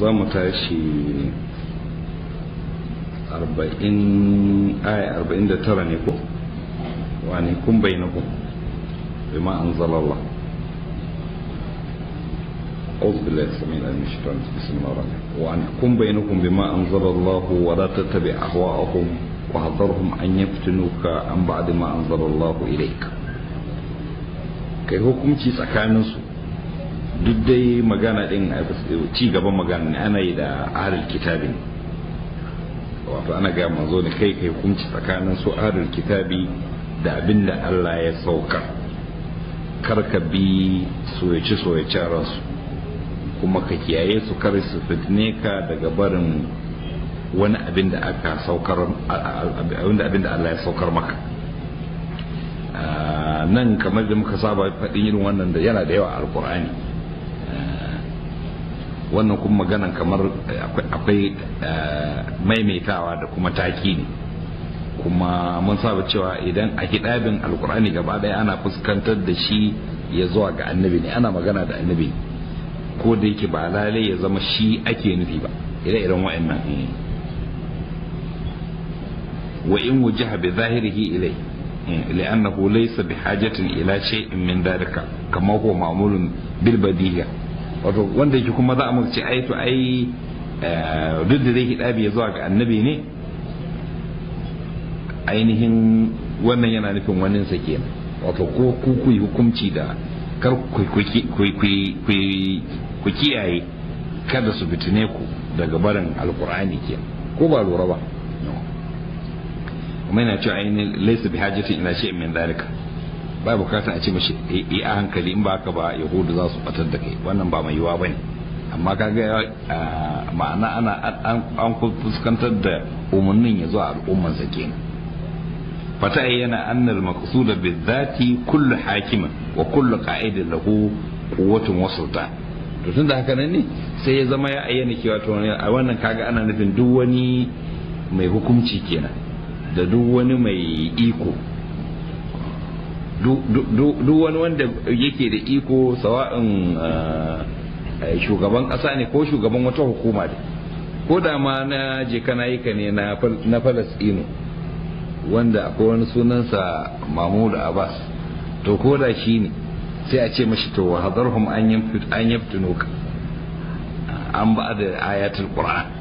za mu tashi 49 ne ko wani kun bayyana ku bai ma'an zalalla wani kun bayyana ku bai ma'an zalalla ku wada ta tabi a hawa a kun an yi fitinu ka an ba a di ma'an zalalla ku ire ka kai hukunci tsakaninsu duk dai magana din eh, eh, ci gaban magana ne ana yi da ahlul kitabi wato ana ga manzo ne kai kai kunci tsakanin su ahlul kitabi da abin da Allah ya sauka kar ka bi soyace soyace ransu kuma ka kiyaye su kar su fitne ka daga barin wani abin da aka saukar abin da Allah ya saukar maka ah, nan kamar da muka saba faɗin irin wannan da yana da yawa alkur'ani wannan kuma maganan kamar eh, akwai eh, maimaitawa da kuma taki ne kuma mun saba cewa idan a hidabin alkur'ani gaba daya ana fuskantar da shi ya zuwa ga annabi ne ana magana da annabi ko da yake ba lalai ya zama shi ake nufi ba ire iren wa'annan wa in wujaha bi zahirihi ilai eh, li'annahu laysa bi hajatin ila shay'in min dalika kama huwa ma'mulun bil badiyya wato wanda yake kuma za a musu ai to ai eh, duk da zai hidabi ya zuwa ga annabi ne ainihin wannan yana nufin wannan sa kenan wato ko ku ku yi hukunci da kar ku kiyaye kada su fitine ku daga barin alkur'ani kenan ko ba lura ba kuma yana cewa ainihin laisa bi ina ila shay'in min dalika ba bukatar a ce mashi yi eh, eh, a hankali in ba haka ba yahudu za su batar da kai wannan ba mai yiwa ba ne amma ka kaga eh, ma'ana ana an fuskantar da umarnin ya zuwa al'umman sa ne fata yana annar da maqsuda zati kullu hakiman wa kullu qa'idin lahu quwwatun wa sultan to tunda haka nan ne sai ya zama ya ayyana cewa to wannan kaga ana nufin duk wani mai hukunci kenan da duk wani mai iko duk wani wanda yake da iko sawa'in ah, eh, shugaban ƙasa ne ko shugaban wata hukuma ne ko da ma na je yi yika ne na falasino wanda akwai wani sunansa mahmud abbas to ko da shi ne sai a ce mashi to hadarhum an yabtunuka an ba da ayatul qur'an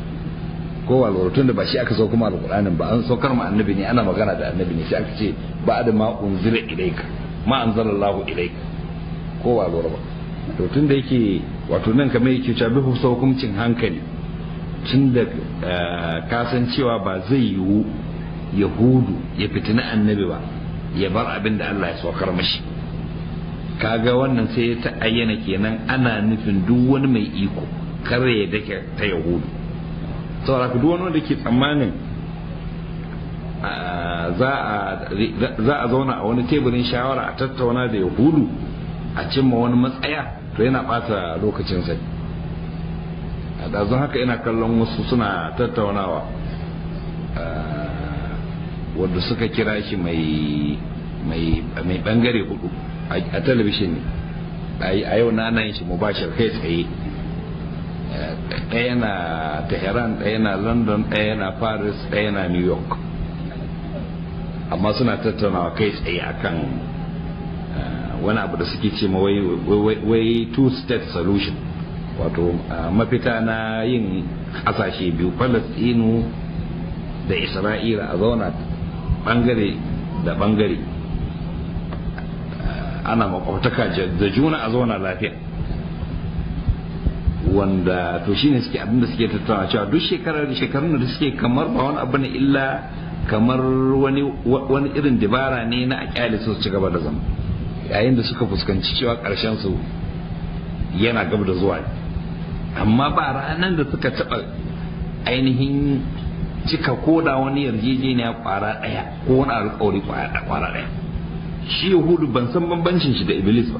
ko walwala tunda ba shi aka sau kuma alƙur'anin ba an saukar ma annabi ne ana magana da annabi ne sai aka ce ba da ma unzira ilaika ma anzalallahu ilaika ko walwala ba to tunda yake wato nan kamar yake cewa bi hukusa hukuncin hankali tunda eh, kasancewa ba zai yiwu yahudu ya fitina annabi ba ya bar abin da Allah ya saukar mashi kaga wannan sai ta ayyana kenan ana nufin duk wani mai iko kare ya dake ta yahudu saboda duk wanda ke tsammanin za a zauna a wani teburin shawara a tattauna da ya hulu a cimma wani matsaya to yana ɓata lokacin sai a ɗazun haka yana kallon wasu suna tattaunawa wanda suka kira shi mai ɓangare hudu a talabishin ne a yau na nan shi mubashar kai tsaye ɗaya eh, eh, na tehran ɗaya eh, na london ɗaya na paris ɗaya na new york amma suna tattaunawa kai tsaye akan wani abu da suke ce ma wai two state solution wato mafita na yin ƙasashe biyu palestinu da isra'ila a zauna bangare da bangare ana makwabtaka da juna a zauna lafiya wanda to shine suke abinda da suke tattawa cewa duk shekarar shekarun da suke kamar ba wani abu ne illa kamar wani wani irin dabara ne na akyali su ci gaba da zama yayin da suka fuskanci cewa karshen su yana gaba da zuwa amma ba ranar da suka taba ainihin cika koda wani yarjejeniya kwara daya ko wani alƙawari kwara daya shi yahudu ban san bambancin shi da iblis ba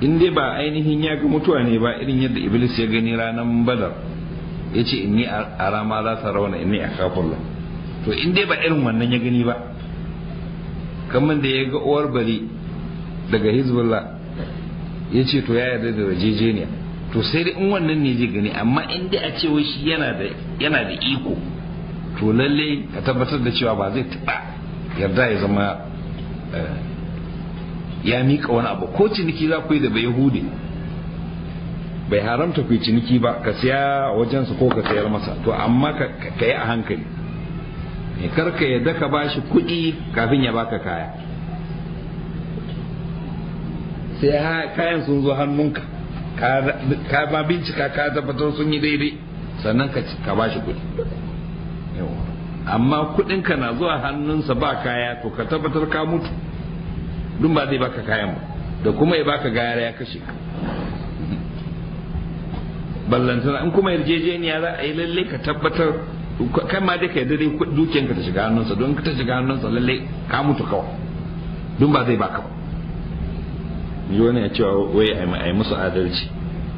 in dai ba ainihin ya ga mutuwa ne ba irin yadda iblis ya gani ranar badar ya ce yi a rama za ta rauna inni a kafin to in dai ba irin wannan ya gani ba kamar da ya ga uwar bari daga hezbollah ya ce to ya yarda da rajejeniya to sai dai in wannan ne zai gani amma in dai a ce wai shi yana da iko to lallai ka tabbatar da cewa ba zai taɓa yarda ya zama eh, ya miƙa wani abu ko ciniki za ku yi da bai hude bai haramta ku yi ciniki ba ka siya a wajensa ko ka sayar masa to amma ka yi a hankali eh, karka yadda ka ba shi kuɗi kafin ya baka kaya sai kayan sun zo hannunka ka ba bincika ka tabbatar sun yi daidai sannan ka ba shi kuɗi amma kuɗinka na zuwa hannunsa ba kaya to ka tabbatar ka mutu duk ba zai baka kayan ba da kuma ya baka gara ya kashe ka ballantana in kuma yarjejeniya za a yi lalle ka tabbatar kan ma dai ka yarda dai ka ta shiga hannunsa don ta shiga hannunsa lalle ka mutu kawai don ba zai baka ba ji wani ya cewa wai a yi musu adalci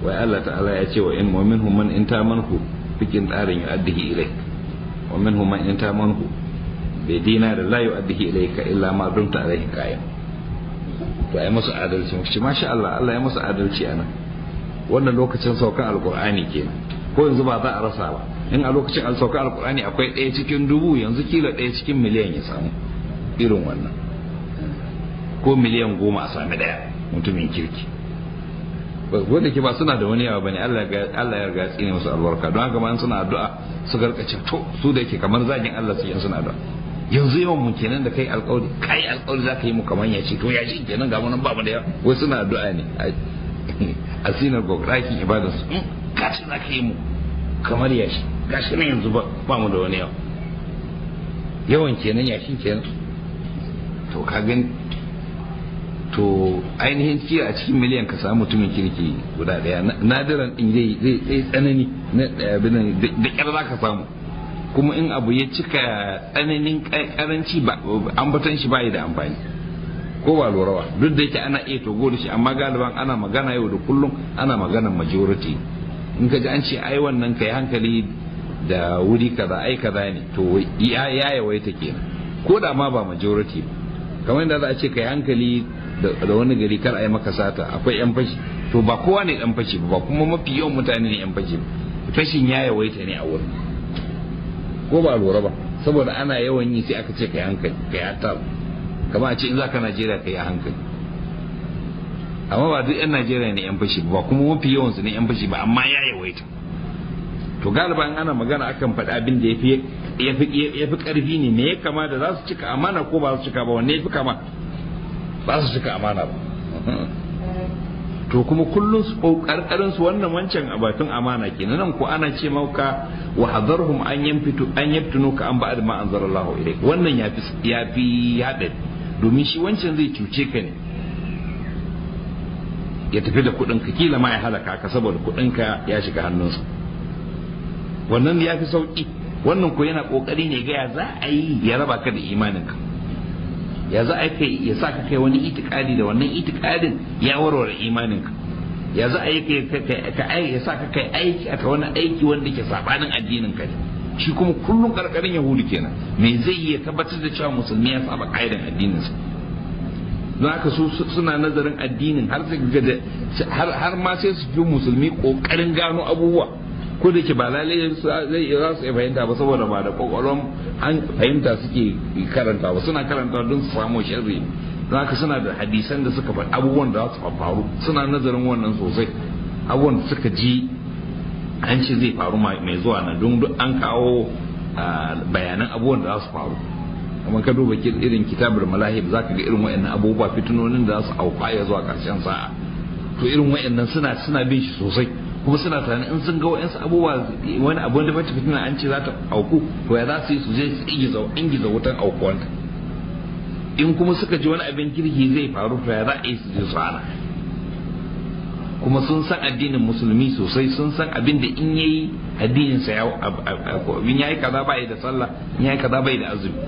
wai Allah ta'ala ya ce wa in mu'min man in ta manku fikin tsarin ya addihi ilai wa min man in ta manku bai dina da la yu addihi ka illa ma dumta alaihi kayan to ai musu adalci mu ce masha Allah Allah ya musu adalci nan wannan lokacin saukan alqur'ani kenan ko yanzu ba za a rasa ba in a lokacin an sauka alqur'ani akwai ɗaya cikin dubu yanzu kila ɗaya cikin miliyan ya samu irin wannan ko miliyan goma a sami ɗaya mutumin kirki wanda ke ba suna da wani yawa bane Allah ya ga tsine musu albarka don haka ma suna addu'a su garkace to su da yake kamar zagin Allah su yin suna addu'a yanzu yawan mu kenan da kai alkawari kai alkawari za ka yi mu kamar ya ce to ya shi kenan ga munan babu da yawa wai suna addu'a ne a sinar gogoraki ibadar su mm, gashi za ka yi mu kamar ya shi gashi ne yanzu ba mu da wani yawa yawan kenan ya shi kenan to ka gani to ainihin kira a cikin miliyan ka samu mutumin kirki guda daya nadiran din zai tsanani da kyar za ka samu kuma in abu ya cika tsananin karanci ambaton shi bayi da amfani ko ba lura duk da yake ana iya togo da shi amma galiban ana magana yau da kullum ana magana majority in ka ji an ce ai wannan kai hankali da wuri kaza ai kaza ne to ya yawaita kenan ko da ma ba majority ba kamar yadda za a ce kai hankali da wani gari kar a maka sata akwai yan fashi to ba kowa ne dan fashi ba kuma mafi yawan mutane ne yan fashi fashin ya yawaita ne a wurin ko ba lura ba saboda ana yawan yi sai aka ce ka yi hankali ka yi hatar kama a ce in za ka najeriya ka yi hankali amma ba duk 'yan najeriya ne 'yan fashi ba kuma mafi yawansu ne 'yan fashi ba amma ya yawaita to galiba in ana magana akan faɗi abin da ya fi ƙarfi ne me ya kama da za su cika amana ko ba su cika ba wanne ya fi kama ba su cika amana ba to kuma kullun su kokarkarin su wannan wancan a bakin amana kenan nan ko ana ce mauka wa hadarhum an yamfitu an ka an ba'd ma anzalallahu ilayk wannan yafi yafi yabe domin shi wancan zai cuce ka ne ya tafi da kudin ka kila ma ya halaka ka saboda kudin ka ya shiga hannunsa wannan yafi sauki wannan ko yana kokari ne ga ya za a yi ya raba ka da imanin ka ya za a kai ya sa ka kai wani itikadi da wannan itikadin ya warware imaninka ya za a kai ka ya sa ka kai aiki aka wani aiki wanda ke sabanin addinin ka shi kuma kullum karkarin yahudu kenan me zai iya tabbatar da cewa musulmi ya saba kaidan addinin sa don haka su suna nazarin addinin har har ma sai su fi musulmi kokarin gano abubuwa ko da ke ba lalai zai za su fahimta ba saboda ba da kokoron an fahimta suke karanta ba suna karanta don su samu sharri don haka suna da hadisan da suka faɗi abubuwan da za su faru suna nazarin wannan sosai abubuwan da suka ji an ce zai faru mai zuwa na don duk an kawo bayanan abubuwan da za su faru amma ka duba irin kitabar malahib za ka ga irin wa'annan abubuwa fitinonin da za su auka ya zuwa ƙarshen sa'a to irin wa'annan suna suna bin shi sosai kuma suna tare in sun ga wa'ansu abubuwa wani abu da bata fitina an ce za ta auku to ya za su yi su je su ingiza ingiza wutan aukuwanta in kuma suka ji wani abin kirki zai faru to ya za a yi su je su hana kuma sun san addinin musulmi sosai sun san abin da in yayi addinin sa ya in yayi kaza bai da sallah in yayi kaza bai da azumi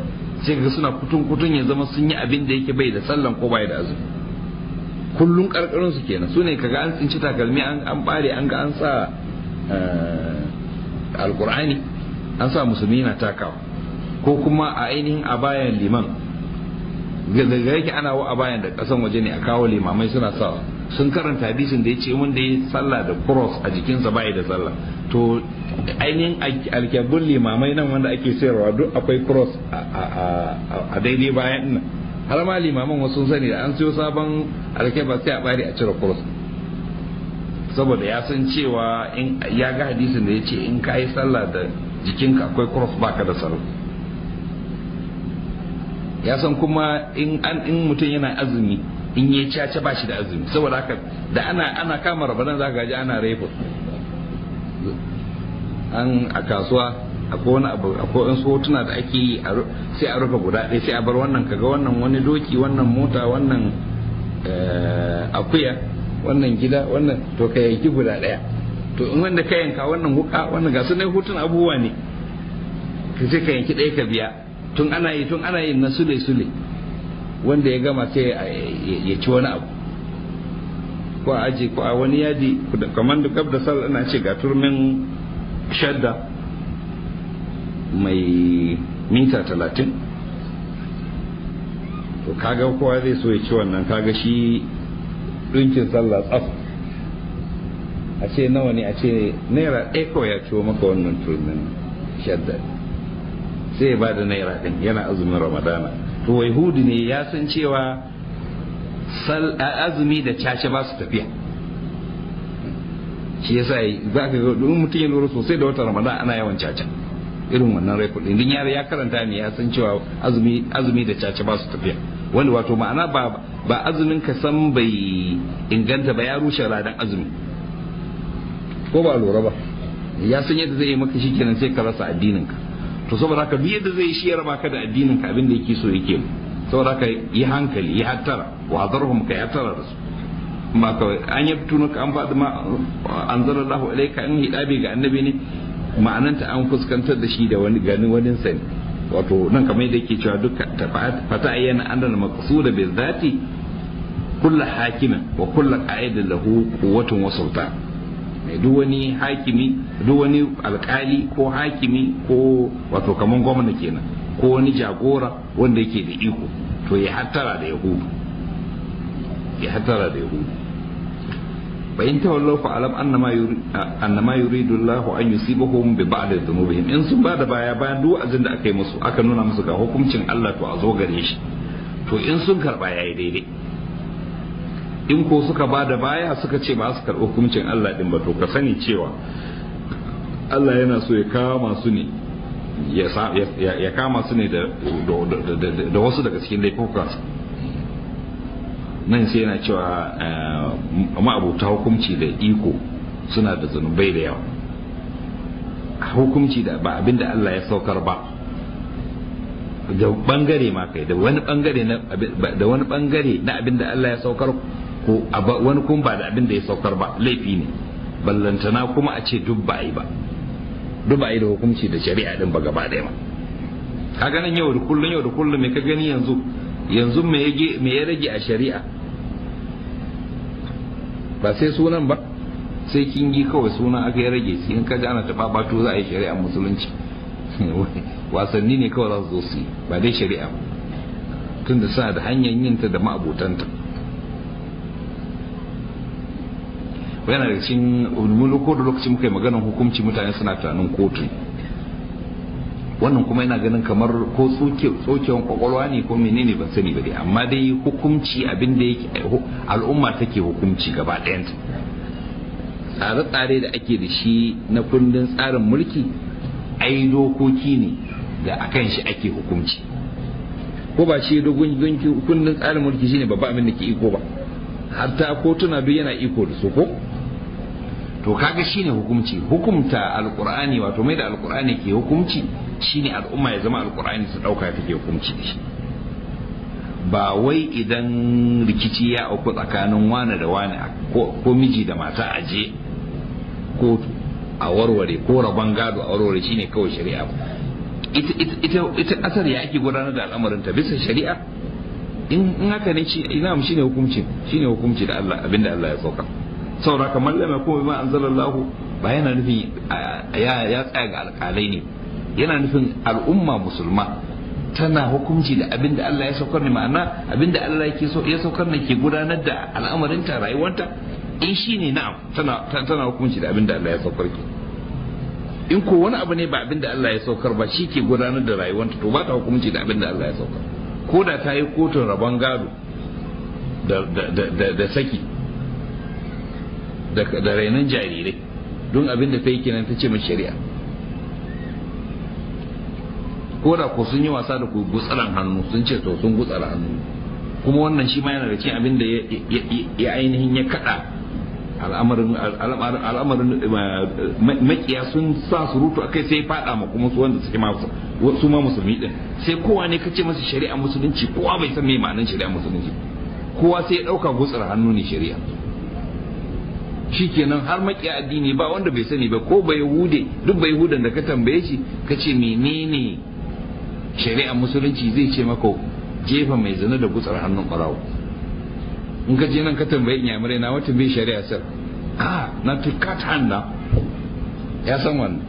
sai ga suna kutun kutun ya zama sun yi abin da yake bai da sallah ko bai da azumi kullum karkarun su kenan su ne kaga an tsinci takalmi an bare an ga an sa eh, alqur'ani an sa musulmi na takawa ko kuma a ainihin a bayan liman daga yake ana wa a bayan da kasan waje ne a kawo limamai suna sawa sun karanta hadisin da ya ce wanda ya sallah da cross a jikinsa bai da sallah to ainihin alkyabun limamai nan wanda ake sayarwa duk akwai cross a daidai bayan nan har ma limaman wasu sani da an siyo sabon alkeba sai a bari a cire cross saboda ya san cewa in ya ga hadisin da ya ce in ka yi sallah da jikinka akwai ba baka da salo ya san kuma in an in mutum yana azumi in ya caca ba shi da azumi saboda haka da ana ana kama rabanan za ka ji ana raifin an a kasuwa akwai wani abu akwai wasu hotuna da ake yi sai a rufe guda ɗaya sai a bar wannan kaga wannan wani doki wannan mota wannan eh, akuya wannan gida wannan to ka yanki guda ɗaya to in wanda ka yanka wannan wuka wannan ga sunai hotun abubuwa ne ka je ka yanki ɗaya ka biya tun ana yi tun ana yin na sule sule wanda ya gama sai ya ci wani abu ko a aji ko a wani yadi kamar da gab da sal ana ce ga turmin shadda mai mita talatin to kaga kowa zai so ya ci wannan kaga shi ɗinkin sallah tsaf a ce nawa ne a ce naira ɗaya kawai ya ciwo maka wannan turmin shadda sai ya ba da naira ɗin yana azumin ramadana to wai hudu ne ya san cewa azumi da cace ba su tafiya shi yasa za ka ga mutum ya lura sosai da wata ramadana ana yawan caca irin wannan rekod din din yare ya karanta ne ya san cewa azumi azumi da caca ba su tafiya wani wato ma'ana ba ba azumin ka san bai inganta ba ya rushe ladan azumi ko ba lura ba ya san yadda zai yi maka shi kenan sai ka rasa addinin ka to saboda haka duk yadda zai shi ya raba da addinin ka abin da yake so yake saboda haka yi hankali yi hattara wa zarhum ka hattara da su ma kawai an yi tunuka an faɗi ma an zara lahu alaika in hidabi ga annabi ne ma'ananta an fuskantar da shi da wani ganin wani sani wato nan kamar yadda yake cewa duka fata ayyana annal maqsuda bi zati kullu hakima wa kullu qa'idin lahu quwwatun wa mai eh, duk wani hakimi duk wani alkali ko hakimi ko wato kaman gwamna kenan ko wani jagora wanda yake da iko to ya hattara da yahudu ya hattara da yahudu bayin tawallau fa alam annama yuri annama yuridu Allah an yusibahum bi ba'd dhunubihim in sun bada baya bayan duk azin da aka yi musu aka nuna musu ga hukuncin Allah to a zo gare shi to in sun karba yayi daidai in ko suka bada baya suka ce ba su karɓi hukuncin Allah din ba to ka sani cewa Allah yana so ya kama su ne ya kama su ne da wasu daga cikin laifukansu nan sai yana cewa eh, ma'abuta hukunci da iko suna da zunubai da yawa hukunci da ba abinda Allah ya saukar ba da bangare ma kai da wani bangare na da wani bangare na abinda Allah ya saukar ko wani kuma ba da abinda ya saukar ba laifi ne ballantana kuma a ce duk ba yi ba duk ba yi da hukunci da shari'a din ba gaba ɗaya ba haka nan yau da kullun yau da kullun me ka gani yanzu yanzu me ya rage a shari'a ba sai sunan ba sai kin kingi kawai suna aka yi rage in ka ana ta babato za a yi shari'a musulunci wasanni ne kawai za su zo su ba dai shari'a ba tun da suna da hanyar yin ta da ma'abutanta yana da cikin mulko da lokacin muka yi maganar hukunci mutane suna tunanin kotu wannan kuma yana ganin kamar ko tsokewan kwakwalwa ne ko menene ban sani ba dai amma dai hukunci abin da yake al'umma take hukunci gaba ɗayanta tsare-tsare da ake da shi na kundin tsarin mulki ai dokoki ne da akan shi ake hukunci ko ba shi dogon kundin tsarin mulki shine babba abin da ke iko ba ta kotuna duk yana iko da su ko to kaga shine hukunci hukumta alqur'ani wato mai da alqur'ani ke hukunci shine al'umma ya zama alkur'ani su dauka take hukunci da shi ba wai idan rikici ya auku tsakanin wane da wane ko miji da mata aje ko a warware ko rabon gado a warware shine kawai shari'a ita kasar ya ake gudanar da al'amarin ta bisa shari'a in haka ne shi ina mu shine hukunci shine hukunci da Allah abinda Allah ya sauka saboda kamar lamma kuma ba anzalallahu ba yana nufin ya tsaya ga alƙalai ne yana nufin al'umma musulma tana hukunci da abin da Allah ya saukar ne ma'ana abin da Allah yake so ya saukar ne ke gudanar da al'amarinta rayuwarta in shi ne na'am tana hukunci da abin da Allah ya saukar ke in ko wani abu ne ba abin da Allah ya saukar ba shi ke gudanar da rayuwarta to ba ta hukunci da abin da Allah ya saukar ko da ta yi kotun rabon gado da saki da rainin jarirai don abin da ta yi kenan ta ce mai shari'a ko da ko sun yi wasa da ku gutsalan hannu sun ce to sun gutsala hannu kuma wannan shi ma yana da cikin abin da ya ainihin ya kada al'amarin al'amarin eh, makiya sun sa surutu akai sai fada ma kuma su wanda suke masu su ma musulmi din sai kowa ne kace masa shari'a musulunci kowa bai san me ma'anar shari'a musulunci kowa sai ya dauka gutsar hannu ne shari'a shikenan har makiya addini ba wanda bai sani ba ko bai hude duk bai hudan da ka tambaye shi kace menene shari'ar musulunci zai ce maka jefa mai zina da gutsar hannun ɓarawo in ka je nan ka tambayi inyamurai na wata bai shari'a sir ah na to cut hand na ya san wannan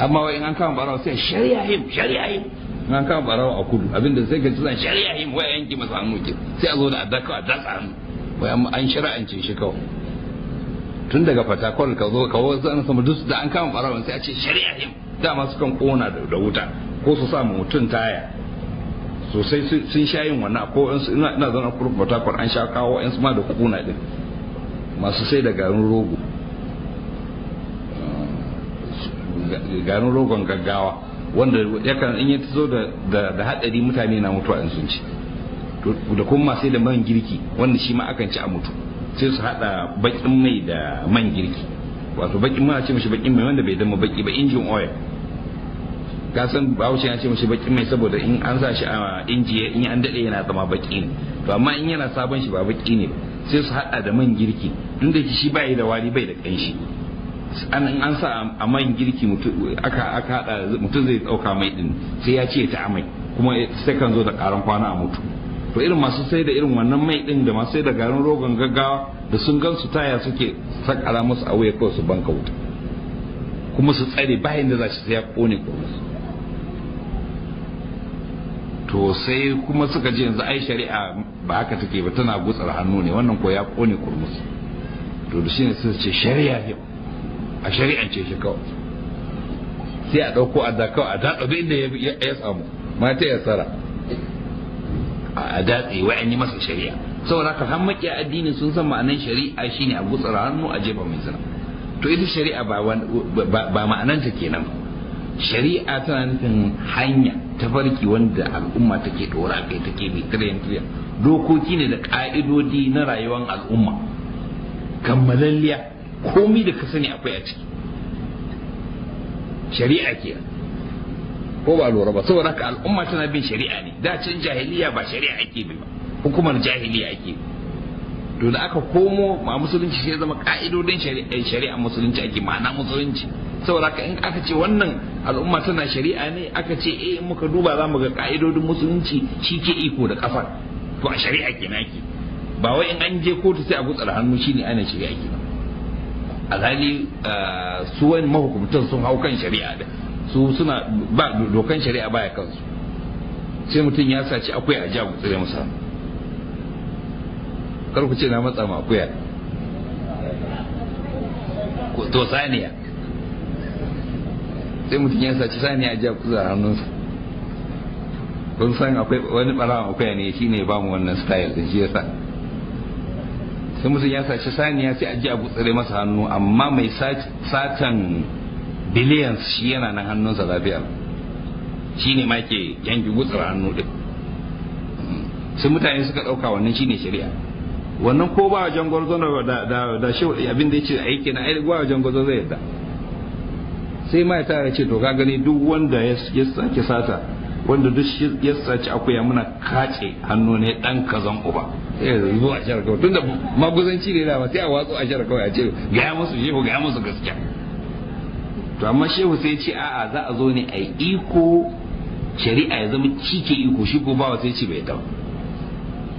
amma wai in an kama ɓarawo sai shari'a him shari'a him in an kama ɓarawo a kudu abinda sai ka ci zan shari'a him wai yanki masa hannu ke sai a zo da adaka a dasa hannu wai an shari'ance shi kawai tun daga Fatakwal ka zo ka wasu an sama duk da an kama ɓarawon sai a ce shari'a him dama sukan kona da wuta ko su sa mutum taya sosai sun sha yin wannan ko ina zan rubuta kwar an sha kawo yan ma da kuna din masu sai da garin rogo garin rogon gaggawa wanda yakan in ya zo da hadari mutane na mutuwa in sun ci da kuma sai da man girki wanda shi ma akan ci a mutu sai su hada bakin mai da man girki wato bakin mai a ce mashi bakin mai wanda bai dama baki ba injin oil ka san bahaushe ya ce mashi baki mai saboda in an sa shi a inji in an dade yana zama baki ne to amma in yana sabon shi ba baki ne sai su hada da man girki inda shi bai da wari bai da kanshi an an sa a man girki aka aka hada mutum zai dauka mai din sai ya ce ta amai kuma sai kan zo da karan kwana a mutu to irin masu sai da irin wannan mai din da masu sai da garin rogon gaggawa da sun gan taya suke sakara musu a wuya kawai su banka wuta kuma su tsare bayan da za su sai ya kone ko to sai kuma suka ji yanzu ai shari'a ba haka take ba tana gutsar hannu ne wannan ko ya kone kurmus to da shine sai ce shari'a ne a shari'an ce shi kawai sai a dauko a da kawai a da duk inda ya samu mata ya tsara a datse wa an yi masa shari'a saboda ka har makiya addini sun san ma'anan shari'a shine a gutsar hannu a jefa mai zina to ita shari'a ba ba ma'ananta kenan ba shari'a tana nufin hanya ta farki wanda al'umma take dora kai take bi tiriyan tiriyan dokoki ne da ka'idodi na rayuwar al'umma kammalalliya komi da ka sani akwai a ciki shari'a ke ko ba lura ba saboda haka al'umma tana bin shari'a ne da can jahiliya ba shari'a ake bi ba hukumar jahiliya ake bi to da aka komo ma musulunci sai zama ka'idodin shari'a musulunci ake ma'ana musulunci saboda haka in aka ce wannan al'umma tana shari'a ne aka ce eh muka duba za mu ga ka'idodin musulunci shi ke iko da kafa to a shari'a na ake ba wai in an je kotu sai a da hannu shi ne ana shari'a a alhali ah, su wani mahukumtan sun hau kan shari'a da su suna ba dokan shari'a baya kansu sai mutum ya sace akwai a jagu tsire masa kar ku ce na matsa ma akuya to saniya sai mutum ya saci sani a jakuza a hannunsa kun san akwai wani barawa akwai ne shi ne ba mu wannan style din shi yasa sai mutum ya saci ya sai a ji abu tsare masa hannu amma mai satan billions shi yana nan hannunsa lafiya shi ne ma ke yanki gutsar hannu din sai mutane suka ɗauka wannan shi ne shari'a wannan ko ba wajen gwarzo da abin da ya ce aiki na ai ba wajen gwarzo zai yadda sai ma ya ce to ka gani duk wanda ya sake sata wanda duk ya sace akuya muna kace hannu ne dan kazan uba eh zuwa ajar kawai tunda maguzanci ne da ba sai a watsu a kawai a ce ya musu shehu ya musu gaskiya to amma shehu sai ce a'a za a zo ne a iko shari'a ya zama cike iko shi ko ba sai ce bai dawo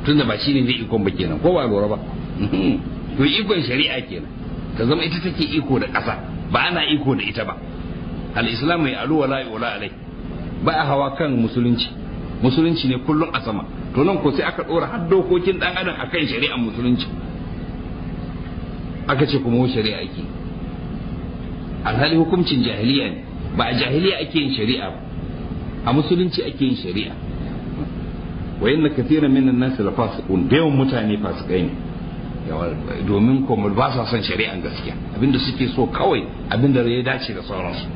tunda ba shi ne zai ikon ba kenan ko ba lura ba to ikon shari'a kenan ta zama ita take iko da ƙasa ba ana iko da ita ba al-islam mai alu wala yula alai ba a hawa kan musulunci musulunci ne kullum a sama to nan ko sai aka dora har dokokin dan adam akan shari'ar musulunci aka ce kuma shari'a ake alhali hukuncin jahiliya ne ba a jahiliya ake yin shari'a ba a musulunci ake yin shari'a wa inna min an nas la fasiqun da mutane fasikai ne domin kuma ba sa son shari'an gaskiya abinda suke so kawai abinda ya dace da sauransu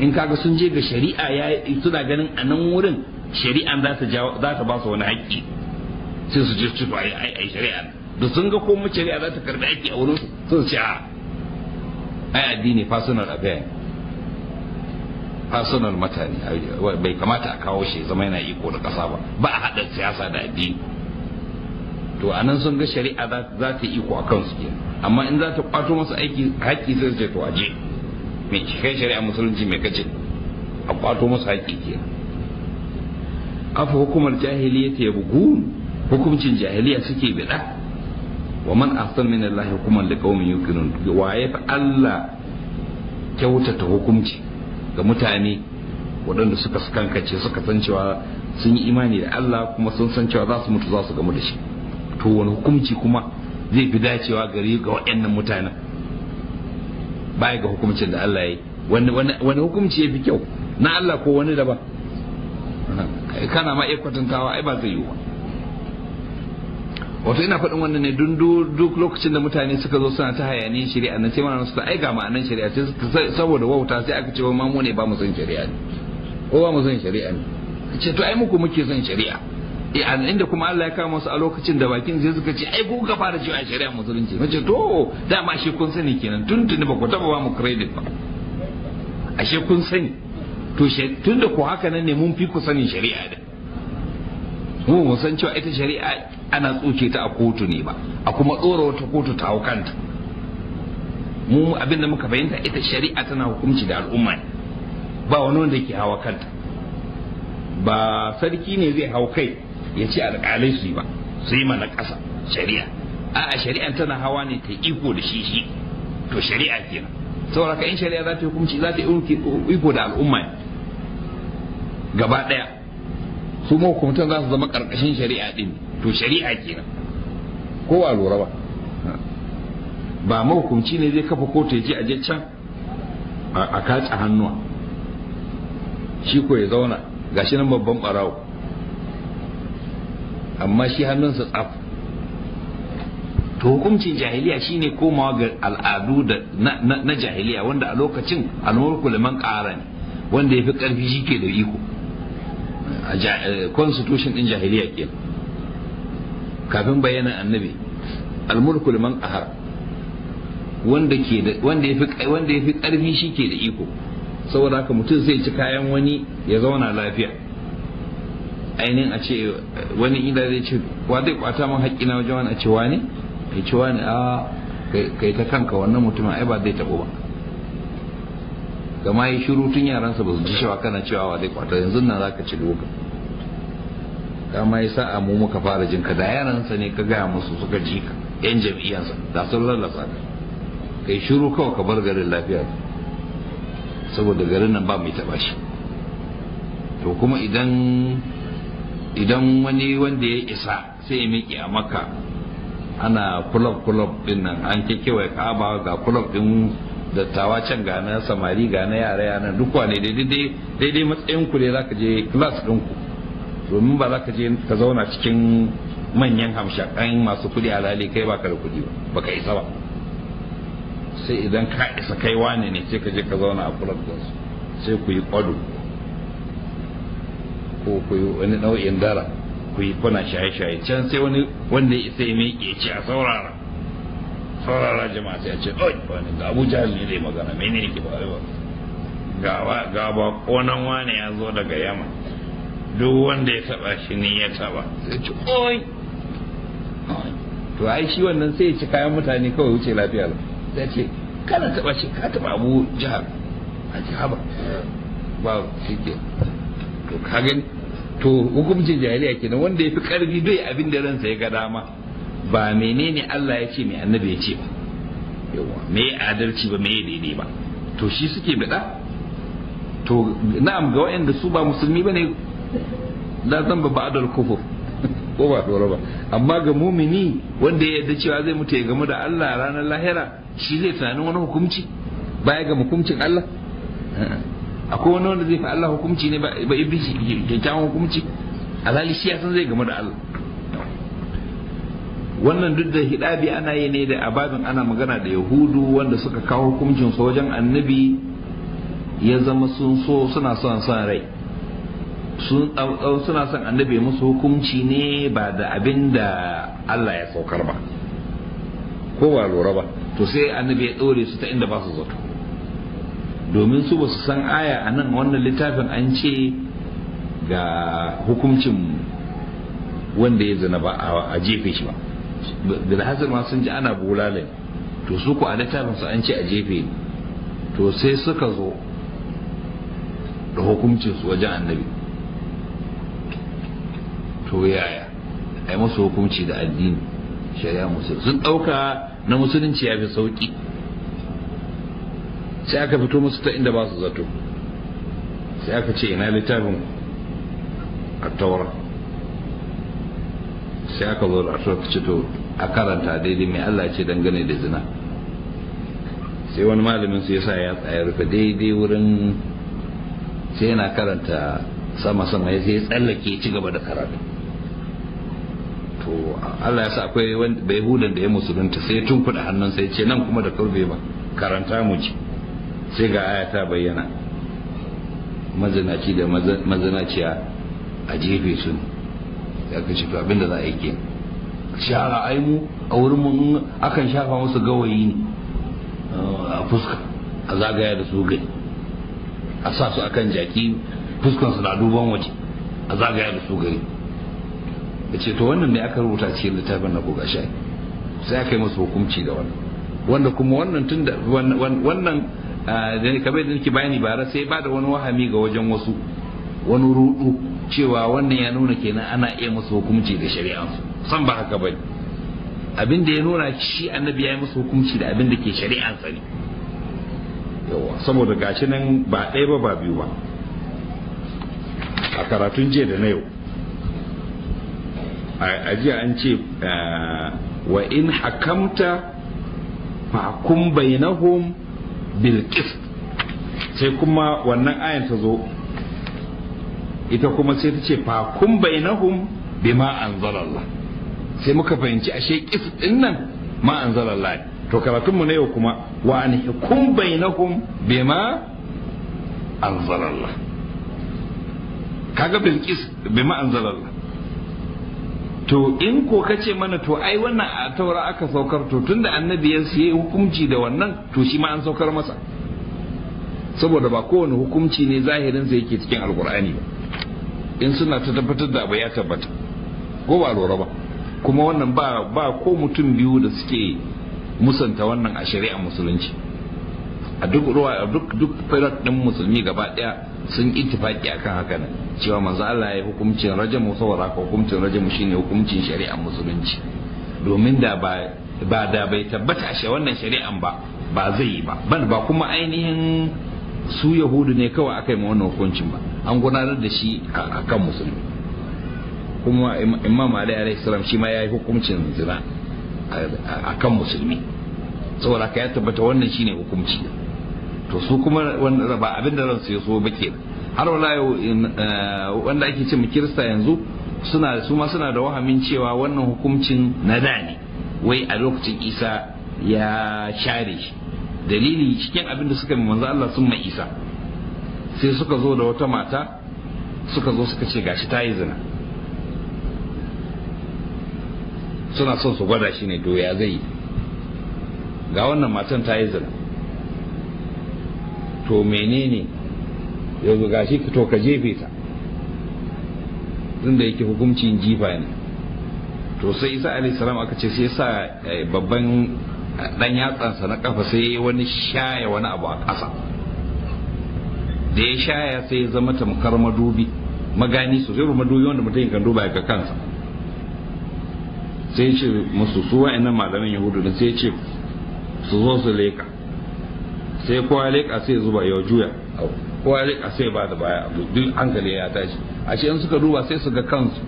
in kaga sun je ga shari'a ya suna ganin a nan wurin shari'an za ta za ta ba su wani haƙƙi sai su je su ai ai shari'a da sun ga komai shari'a za ta karbi haƙƙi a wurin sun ce a ai addini personal affair personal mata bai kamata a kawo shi zama yana iko da ƙasa ba ba a haɗa siyasa da addini to a nan sun ga shari'a za ta iko a kansu ke amma in za ta kwato masu aiki haƙƙi sai su ce to a je mai kai shari'a musulunci mai kace a kwato musu haƙƙi ke kafa hukumar jahiliya ta yabu gun hukuncin jahiliya suke bida wa man ahsan min Allah hukuman da qaumin wa ya fi Allah kyautata hukunci ga mutane waɗanda suka skankace suka san cewa sun yi imani da Allah kuma sun san cewa za su mutu za su gamu da shi to wani hukunci kuma zai fi dacewa gari ga waɗannan mutanen baya ga hukuncin da Allah ya yi wani hukunci ya fi kyau na Allah ko wani daban kana ma iya kwatantawa ai ba zai yi wato ina faɗin wannan ne dun duk lokacin da mutane suka zo suna ta hayani shari'a nan sai mana su ai ga ma'anan shari'a saboda wauta sai aka ce ba mu ne ba mu san shari'a ne ko ba mu san shari'a ne ce to ai muku muke san shari'a Eh, inda kuma Allah ya kama masu a lokacin da bakin zai suka ce ai ku ka fara cewa shari'a musulunci mace to dama shi kun sani kenan tun tuni ba ku taba ba mu credit ba ashe kun sani to tun da ku haka nan ne mun fi ku sanin shari'a da mu mun san cewa ita shari'a ana tsoke ta a kotu ne ba a kuma tsora wata kotu ta hau kanta mu abin da muka fahimta ita shari'a tana hukunci da al'umma ba wani wanda ke hawa kanta ba sarki ne zai hau kai ya ce alƙalai su yi ba su yi mana ƙasa shari'a a'a shari'a tana hawa ne ta iko da shi shi to shari'a kenan saboda ka in shari'a za ta hukunci za ta iko da al'umma gaba ɗaya su mahukuntan za su zama ƙarƙashin shari'a ɗin to shari'a kenan wa lura ba ba mahukunci ne zai kafa ko ta je a je can a kaci hannuwa shi ko ya zauna gashi nan babban ɓarawo amma shi hannunsa tsaf to hukuncin jahiliya shine komawa ga al'adu da na jahiliya wanda a lokacin almulku liman ƙara ne wanda ya fi ƙarfi shi ke da iko a eh, constitution din jahiliya ke kafin bayanan annabi almulku liman ƙahar wanda ke da wanda yafi wanda yafi ƙarfi shi ke da iko saboda haka mutum zai ci kayan wani ya zauna lafiya ainihin a ce wani ila zai ce wa zai kwata min haƙƙi na wajen wani a ce wani ya ce wani a kai ta kanka wannan mutumin ai ba zai tabo ba gama yi shiru tun yaransa ba su ji shawa kana cewa wa zai kwata yanzu nan za ka ci doka dama ya sa'a mu muka fara jinka da yaransa ne ka gaya musu suka ji ka yan jam'iyyansa da sun lallasa ka kai shiru kawai ka bar garin lafiya saboda garin nan ba mai taba shi to kuma idan idan wani wanda ya isa sai ya miƙe a maka ana kulob kulob din nan an kekewaye ka'aba ga kulob din dattawa can ga na samari ga na yara yana duk wane daidai daidai matsayin ku ne zaka je class din domin ba zaka je ka zauna cikin manyan hamshakan masu kudi a lali kai baka da kudi ba baka isa ba sai idan ka isa kai wane ne sai ka je ka zauna a kulob din sai ku yi kwado ko ku yi wani nau'in dara ku yi kuna shaye-shaye can sai wani wanda ya sai mai ke ci a saurara saurara jama'a sai a ce oi wani ga abu jahil ne zai magana mai ne ke faruwa ga ga ba konan wani ya zo daga yamma duk wanda ya taba shi ne ya taba sai ci oi to ai shi wannan sai ya ci kayan mutane kawai wuce lafiya ba sai ce kana taba shi ka taba abu jihar a jihar ba ba shi ke to ka gani to hukuncin jahiliya kenan wanda ya fi karfi bai abin da ransa ya ga dama ba menene Allah ya ce mai annabi ya ce ba yawa me adalci ba me daidai ba to shi suke bada to na'am ga wa'anda su ba musulmi bane da zan ba adal kufur ko ba dole ba amma ga mumini wanda ya yarda cewa zai mutu ya gamu da Allah ranar lahira shi zai tunanin wani hukunci baya ga hukuncin Allah akwai wani wanda zai fi Allah hukumci ne ba iblis kyakkyawan hukumci? alhali shi yasan zai gamu da Allah wannan duk da hidabi ana yi ne da ababin ana magana da yahudu wanda suka kawo hukuncin su wajen annabi ya zama sun so suna son son rai suna son annabi musu hukumci ne ba da abin da Allah ya saukar ba ko ba lura ba to sai annabi ya ɗore su ta inda ba su zato domin su ba su san aya a nan wannan littafin an ce ga hukuncin wanda ya zina ba a jefe shi ba Da hasar ma sun ji ana bulala to su ku a littafin su an ce a jefe to sai suka zo da hukuncin su wajen annabi to yaya ai masu hukunci da addini shari'a musulun sun ɗauka na musulunci ya fi sauƙi sai aka fito musu ta inda ba su zato sai aka ce ina littafin a taura sai aka zo da aka ce to a karanta daidai mai Allah ce dangane da zina sai wani malamin su yasa ya tsaya rufe daidai wurin sai yana karanta sama-sama ya sai tsallake ci gaba da karatu to Allah ya sa akwai bai hudun da ya musulunta sai tun kuɗa hannun sai ce nan kuma da kurbe ba karanta mu ce sai ga aya ta bayyana mazinaci da mazinaciya a jefe su ya ka ce to abinda za a yi ke shara aimu a wurin mun akan shafa musu gawayi ne a fuska a zagaya da su gani a sa su akan jaki fuskansu na duban waje a zagaya da su gari da ce to wannan ne aka rubuta cikin littafin na goga shayi sai aka yi masa hukunci da wannan wanda kuma wannan tun da wannan da kamar yadda nake bayani bara sai ba da wani wahami ga wajen wasu wani rudu cewa wannan ya nuna kenan ana iya musu hukunci da shari'ansu san ba haka bane abin da ya nuna shi annabi ya yi musu hukunci da abin da ke shari'ansa ne yawa saboda gashi nan ba ɗaya ba ba biyu ba a karatun jiya da na yau a jiya an ce wa in hakamta mahkum bainahum bilkis sai kuma wannan ayan ta zo ita kuma sai ta ce fakun bainahum bima anzalallah sai muka fahimci ashe kis din nan ma anzalallah to karatunmu na yau kuma wa an hukum bainahum bima anzalallah kaga bilkis bima anzalallah to in ko ka ce mana to ai wannan a taura aka saukar to tunda annabi ya yi hukunci da wannan to shi ma an saukar masa saboda ba kowane hukunci ne zahirin sa yake cikin alkur'ani ba in suna ta tabbatar da abu ya tabbata ko ba lura ba kuma wannan ba ba ko mutum biyu da suke musanta wannan a shari'a musulunci a duk ruwa a duk duk din musulmi gaba daya sun itifaki akan hakan cewa manzo Allah ya hukuncin musawara ko hukuncin rajam shine hukuncin shari'ar musulunci domin da ba ba da bai tabbata shi wannan shari'an ba ba zai yi ba ban ba kuma ainihin su yahudu ne kawai aka yi wannan hukuncin ba an gudanar da shi a kan musulmi kuma imam ali alaihi salam shi ma ya yi hukuncin zina a kan musulmi saboda ka ya tabbata wannan shine hukunci to su kuma ba abin da ransu ya so ba ke har wala eh, wanda ake ce mu kirista yanzu suna su ma suna da wahamin cewa wannan hukuncin na da ne wai a lokacin isa ya share shi dalili cikin abin da suka manzo Allah sun mai isa sai suka zo da wata mata suka zo suka ce gashi ta yi zina suna son su gwada shi ne doya zai ga wannan matan ta yi zina to menene yanzu shi to ka jefe ta tunda yake hukuncin jifa ne to sai isa alayhi salam aka ce sai sa eh, babban eh, dan yatsansa na kafa sai ya wani shaya wani abu a ƙasa da ya shaya sai ya zama tamkar madubi magani sosai madubi wanda mutum kan duba ga kansa sai ce musu suwa wa'annan malamin yahudu sai ce su zo su leka sai kowa leƙa sai zuba ya juya kowa leƙa sai ba da baya abu duk hankali ya tashi shi in suka duba sai su ga kansu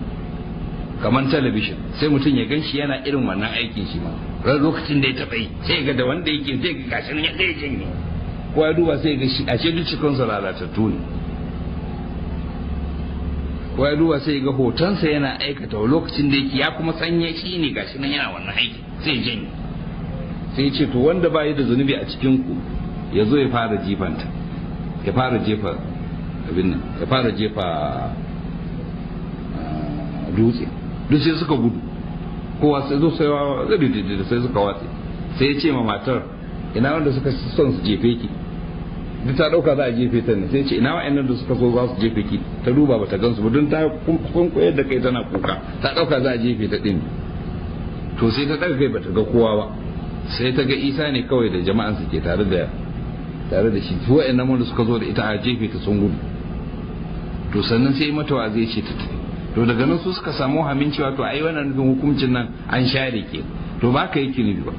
kamar talabishin sai mutum ya gan shi yana irin wannan aikin shi ma ran lokacin da ya taɓa yi sai ga da wanda yake sai ga gashin ya ɗaya janye kowa ya duba sai ga shi a shi duk cikinsu lalatattu ne kowa ya duba sai ga hotonsa yana aikata lokacin da yake ya kuma sanya shi ne gashi nan yana wannan aiki sai janye sai ce to wanda yi da zunubi a cikin ku ya zo ya fara jifanta ya fara jefa abin nan ya fara jefa ah, dutse dutse suka gudu kowa sai zo sai wa da sai suka watse sai ya ce ma matar ina wanda suka son su jefe ki duk ta dauka za a jefe ta ne sai ce ina wa'annan da suka so za su jefe ki ta duba ba ta gansu ba don ta kunkoyar da kai tana kuka ta dauka za a jefe ta din to sai ta daga kai ba ta ga kowa ba sai ta ga isa ne kawai da su ke tare da tare da shi wa'in nan wanda suka zo da ita a jefe ta sun gudu to sannan sai mata zai ce ta tafi to daga nan su suka samu hamin cewa to ai wannan nufin hukuncin nan an share ke to ba ka yake nufi ba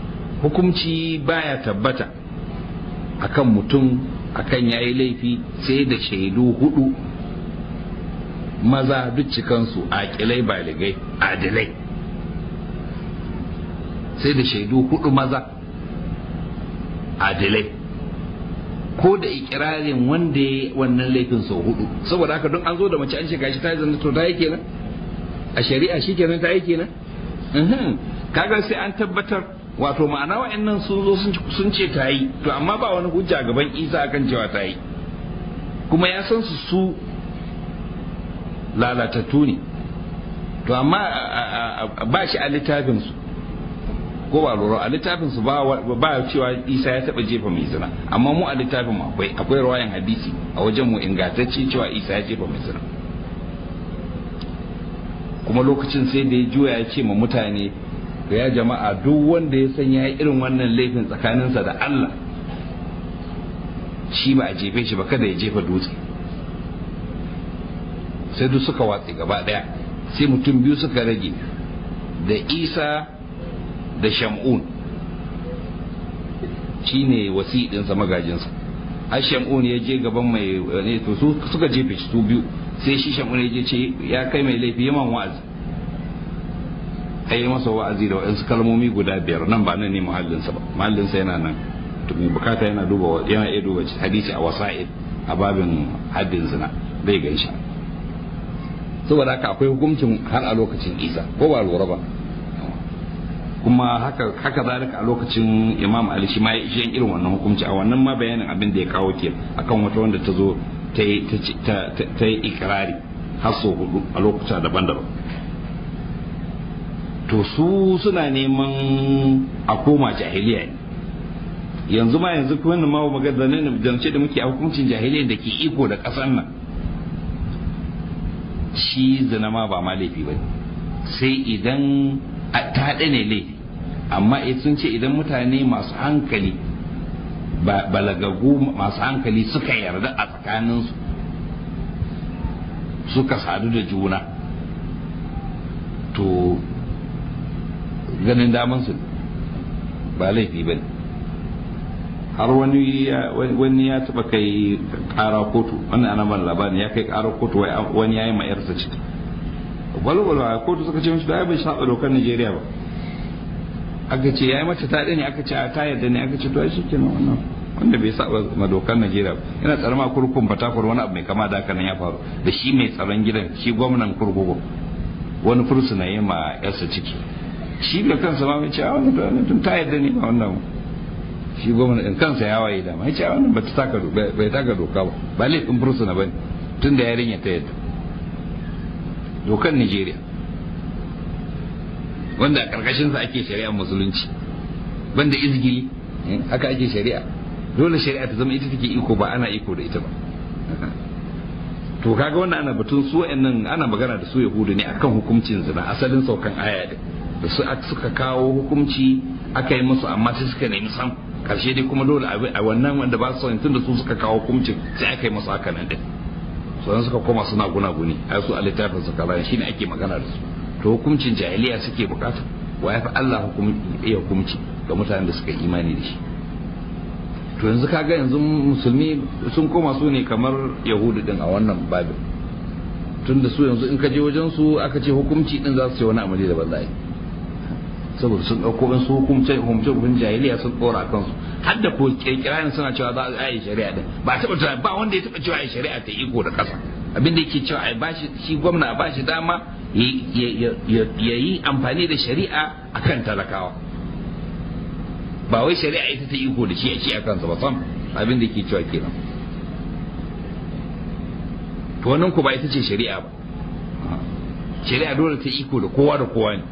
hukunci baya tabbata akan mutum akan yayi laifi sai da shaidu hudu maza duk cikansu aƙilai baligai adilai sai da shaidu hudu maza adilai ko da ikirarin wanda ya wannan laifin sau hudu saboda haka don an zo da mace an shiga shi ta yi to ta yi kenan a shari'a shi kenan ta yi kenan mhm. kaga sai an tabbatar wato ma'ana wa'annan sun zo sun ce ta yi to amma ba wani hujja gaban isa akan cewa ta yi kuma ya san su su lalatattu ne to amma ba shi a su. ko ba lura a littafin su ba ba cewa Isa ya taba jefa mai zina amma mu a littafin mu akwai akwai rawayan hadisi a wajen mu ingantacce cewa Isa ya jefa mai zina kuma lokacin sai da ya juya ya ce ma mutane ya jama'a duk wanda ya san ya irin wannan laifin tsakaninsa da Allah shi ba a jefe shi ba kada ya jefa dutse sai duk suka watsi gaba daya sai mutum biyu suka rage da isa da shamun shine wasi dinsa magajinsa har shamun ya je gaban mai ne to su suka jefe shi su biyu sai shi shamun ya je ce ya kai mai laifi yaman wa'azi a yi masa wa'azi da waɗansu kalmomi guda biyar nan ba nan ne muhallinsa ba muhallinsa yana nan mai bukata yana duba yana iya duba hadisi a wasa'id a babin haddin zina bai shi saboda haka akwai hukuncin har a lokacin isa ko ba lura ba kuma haka haka zalika a lokacin imam ali shi ma ya ishe irin wannan hukunci a wannan ma bayanin abin da ya kawo ke akan wata wanda ta zo ta yi ta ikirari har sau hudu a lokuta daban-daban to su suna neman a koma jahiliya ne yanzu ma yanzu kuma wannan ma magana ne jance da muke a hukuncin jahiliya da ke iko da kasan nan shi zina ma ba ma laifi ba sai idan ta haɗe ne laifi amma sun ce idan mutane masu hankali balagagu masu hankali suka yarda a tsakaninsu suka sadu da juna to ganin damansu ba laifi ba har wani ya taba kai kara kotu wannan ana man ya kai kara kotu wani wani yi ma yarsa ciki walwala kotu suka ce mishi da bai saba dokar Najeriya ba aka ce yayi mata ta ne aka ce a ta yadda ne aka ce to ai shikenan wannan wanda bai saba ma dokar Najeriya ba yana tsarma kurkun fatakwar wani abu mai kama da haka nan ya faru da shi mai tsaron gidan shi gwamnan kurkuku wani fursuna ya ma yarsa ciki shi da kansa ma mai ce a wani tun ta yadda ne ba wannan shi gwamnan din kansa ya waye dama ya ce a wannan ta taka doka ba ba laifin fursuna ba ne tun da yarinya ta yadda dokar Nigeria wanda a ƙarƙashinsa ake shari'a musulunci banda izgili eh, haka ake shari'a dole shari'a ta zama ita take iko ba ana iko da ita ba to kaga wannan ana batun su wayannan ana magana da su yahudu ne akan hukuncin zina asalin saukan aya da su suka kawo hukunci aka yi musu amma sai suka nemi sam karshe dai kuma dole a wannan wanda ba su tun da su suka kawo hukuncin sai aka yi musu haka nan din sannan suka koma suna gunaguni a su a littafin su kaza shine ake magana da su to hukuncin jahiliya suke bukata wa ya fi Allah ya hukunci ga mutanen da suka imani da shi to yanzu kaga yanzu musulmi sun koma su ne kamar yahudu din a wannan babin tunda su yanzu in ka je wajen su aka ce hukumci din za su ce wani amali da ban za saboda sun ɗauko in su hukumce hukumce hukumce jahiliya sun ɗora kansu har da ko kirkirayen suna cewa za a yi shari'a din ba taɓa cewa ba wanda ya taɓa cewa a yi shari'a ta iko da ƙasa abin da yake cewa a bashi shi gwamna a bashi dama ya yi amfani da shari'a akan talakawa ba wai shari'a ita ta iko da shi a ci a kansa ba sam abin da yake cewa kenan to wannan ku ba ita ce shari'a ba shari'a dole ta iko da kowa da kowa ne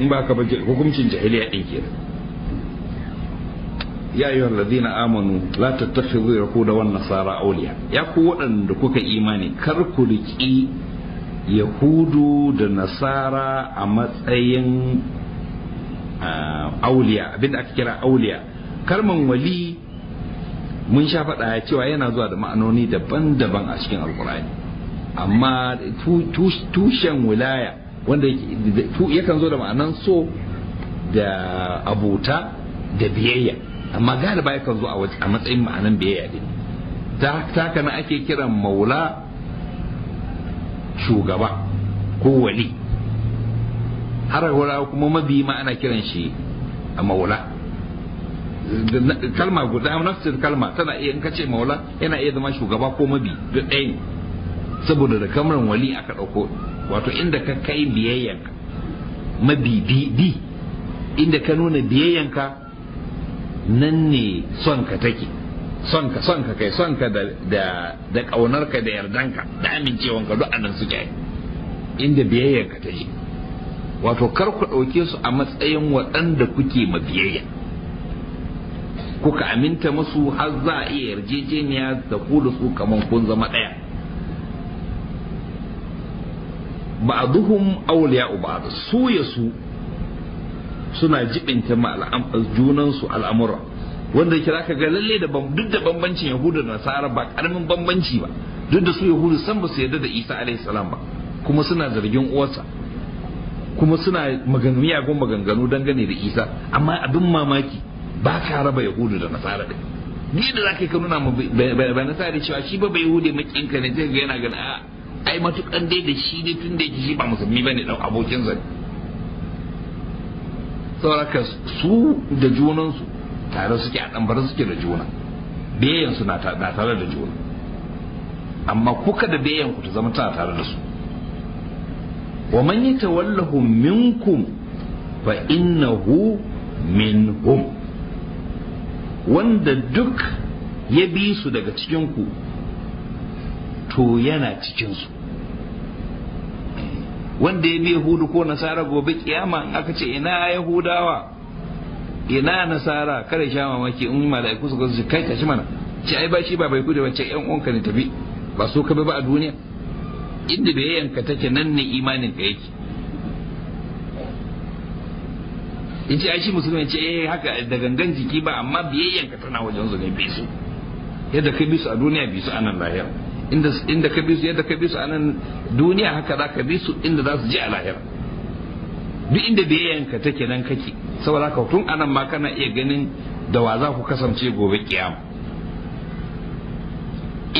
in ba ka ba hukuncin jahiliya din kenan ya ayyuhal ladina amanu la tattakhidhu yahuda wan nasara awliya ya ku waɗanda kuka imani kar ku riƙi yahudu da nasara a matsayin auliya abinda aka kira auliya kalman wali mun sha faɗa cewa yana zuwa da ma'anoni daban-daban a cikin alkur'ani amma tushen wilaya wanda yakan zo da ma'anan so da abota da biyayya amma galiba yakan zo a matsayin ma'anan biyayya ne ta haka na ake kiran maula shugaba ko wali har kuma mabi ma kiran shi a maula kalma guda nafsin kalma tana iya in kace maula yana iya zama shugaba ko mabi duk ɗaya saboda da kamar wali aka ɗauko wato inda ka kai biyayyanka mabibidi inda ka nuna biyayyanka nan ne son ka take son ka kai son ka da da kaunar da yardan ka da amincewan ka duk anan suke inda biyayyan ka take wato kar ku dauke su a matsayin waɗanda kuke mabiyayya kuka aminta musu har za a iya yarjejeniya da ku da su kaman kun zama ɗaya ba'duhum awliya'u ba'd su ya su suna jibinta junan su al'amura wanda kira ka ga lalle da duk da bambancin yahudu da nasara ba karamin bambanci ba duk da su yahudu san ba su yarda da isa alayhi salam ba kuma suna zargin uwarsa kuma suna maganganu yagun maganganu dangane da isa amma duk mamaki ba ka raba yahudu da nasara ɗin ni da za ka nuna ma ba nasara cewa shi ba bai yahudu makinka ne zai ga yana gani a ai matukan dai da shi ne tun da shi ba musulmi bane dan abokin zan sauraka su da junansu tare suke a ɗanbar suke da juna bayan su na tare da juna amma kuka da bayanku ku ta zama tana tare da su wa man yatawallahu minkum fa innahu minhum wanda duk ya bi su daga ku to yana cikinsu wanda ya bi yahudu ko nasara gobe kiyama in aka ce ina yahudawa ina nasara kada sha mamaki in mala'iku su gasu. kai tashi mana ce ai ba shi ba bai kudu wacce ce yan uwanka ne tafi ba su ka ba a duniya inda bai yanka take nan ne imanin ka yake yace ai shi musulmi ce eh haka da gangan jiki ba amma biyayyanka tana wajen zuwa bisu. su yadda kai bi su a duniya bi su a nan lahiyar inda ka bi su yadda ka bi su a nan duniya haka za ka bi su inda za su je a lahira duk inda biyayyanka take nan kake saboda haka tun anan ma kana iya ganin da wa za ku kasance gobe kiyama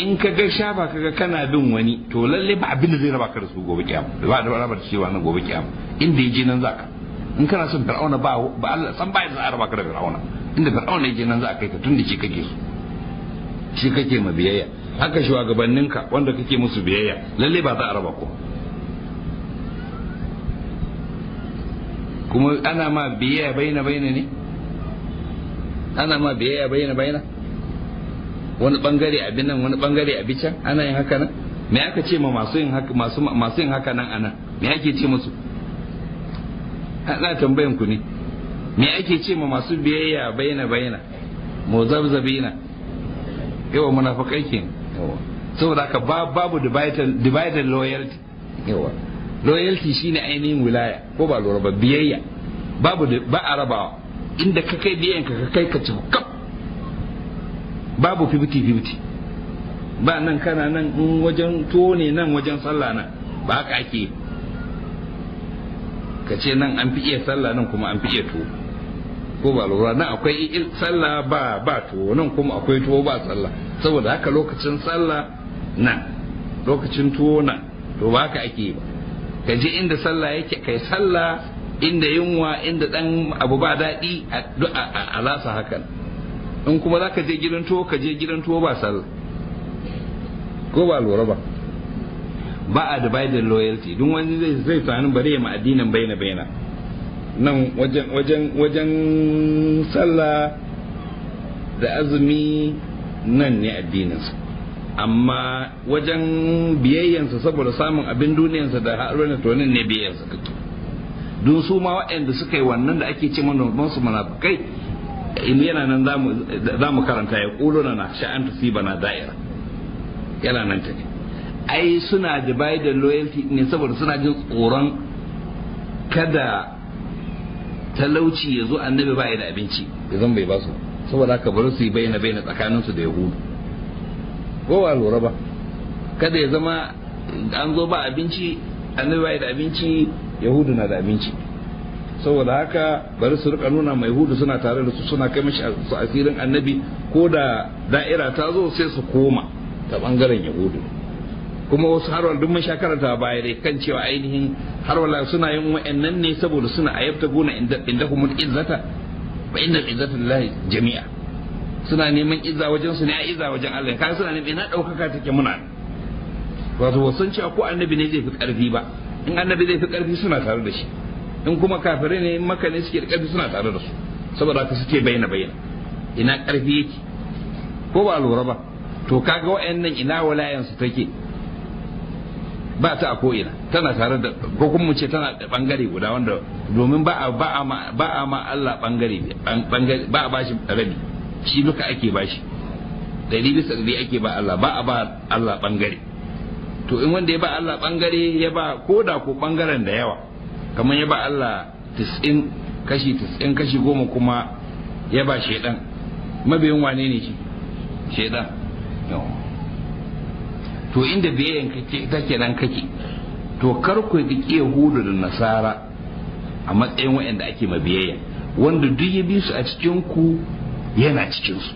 in ka ga shafa ka ga kana bin wani to lalle ba abin da zai raba ka da su gobe kiyama ba da raba da cewa nan gobe kiyama inda yaje nan zaka in kana son fir'auna ba ba Allah san ba za a raba ka da fir'auna inda fir'auna yaje nan za a kai ka tun da shi kake su shi kake ma biyayya haka shugabanninka wanda kake musu biyayya lalle ba za a raba ku kuma ana ma biyayya baina baina ne ana ma biyayya baina baina wani bangare a nan wani bangare a can ana yin haka nan me aka ce ma masu yin haka masu masu yin haka nan anan me ake ce musu ana tambayan ku ne me ake ce ma masu biyayya baina baina zabzabina yawa munafikai kenan saboda haka babu divided loyalty yawa loyalty shine ainihin wilaya ko ba lura ba biyayya babu ba a rabawa inda ka kai biyan ka ka kai ka ci kap babu 50-50 ba nan kana nan in wajen tuwo ne nan wajen sallah nan ba haka ake ka ce nan an fi iya sallah nan kuma an fi iya tuwo ko ba lura na akwai sallah ba ba tuwo nan kuma akwai tuwo ba sallah saboda haka lokacin sallah na lokacin tuwo na to ba ka ake ba ka je inda sallah yake kai sallah inda yunwa inda dan abu ba daɗi a lasa hakan in kuma za ka je gidan tuwo ka je gidan tuwo ba sallah ko ba lura ba ba a divided loyalty duk wani zai zai tsanin bari ya ma addinin baina baina nan wajen wajen wajen sallah da azumi nan ne addininsa amma wajen biyayyansa saboda samun abin duniyansa da harunan to nan ne biyayyansa kake don su ma waɗanda suka yi wannan da ake ce manoman su munafikai in yana nan za mu karanta ya ƙuluna na sha'an tusiba na da'ira yana nan ta ai suna da bayi da loyalty ne saboda suna jin tsoron kada talauci ya zo annabi ba ya da abinci idan bai ba saboda haka bari su yi bayyana bayyana su da yahudu ko ba lura ba kada ya zama an zo ba abinci annabi ba ya da abinci yahudu na da abinci saboda haka bari su rika nuna mai hudu suna tare da su suna kai mashi asirin annabi ko da da'ira ta zo sai su koma ta bangaren yahudu kuma wasu har duk mun shakarata karanta baya dai kan cewa ainihin har wala suna yin wa'annan ne saboda suna ayyabta gona inda kuma izzata wa inna izzata lillahi jami'a suna neman izza wajen su ne a izza wajen Allah kai suna neman ina daukaka take muna wato wasan cewa ko annabi ne zai fi karfi ba in annabi zai fi karfi suna tare da shi in kuma kafirai ne maka ne suke da karfi suna tare da su saboda haka suke bayyana bayyana ina karfi yake ko ba lura ba to kaga wa'annan ina walayansu take ba ta a ko'ina tana tare da ko kuma mu ce tana da bangare guda wanda domin ba a ba a ba a ma Allah bangare bangare ba a bashi rabi shi duka ake bashi dari bisa dari ake ba Allah ba a ba Allah bangare to in wanda ya ba Allah bangare ya ba koda ko bangaren da yawa kamar ya ba Allah 90 kashi 90 kashi 10 kuma ya ba shedan mabiyin wane ne shi shedan yawa to inda biyayyan kake nan kake to kar ku riƙe yahudu da nasara a matsayin waɗanda ake ma biyayya wanda duk ya bi su a cikin ku yana cikin su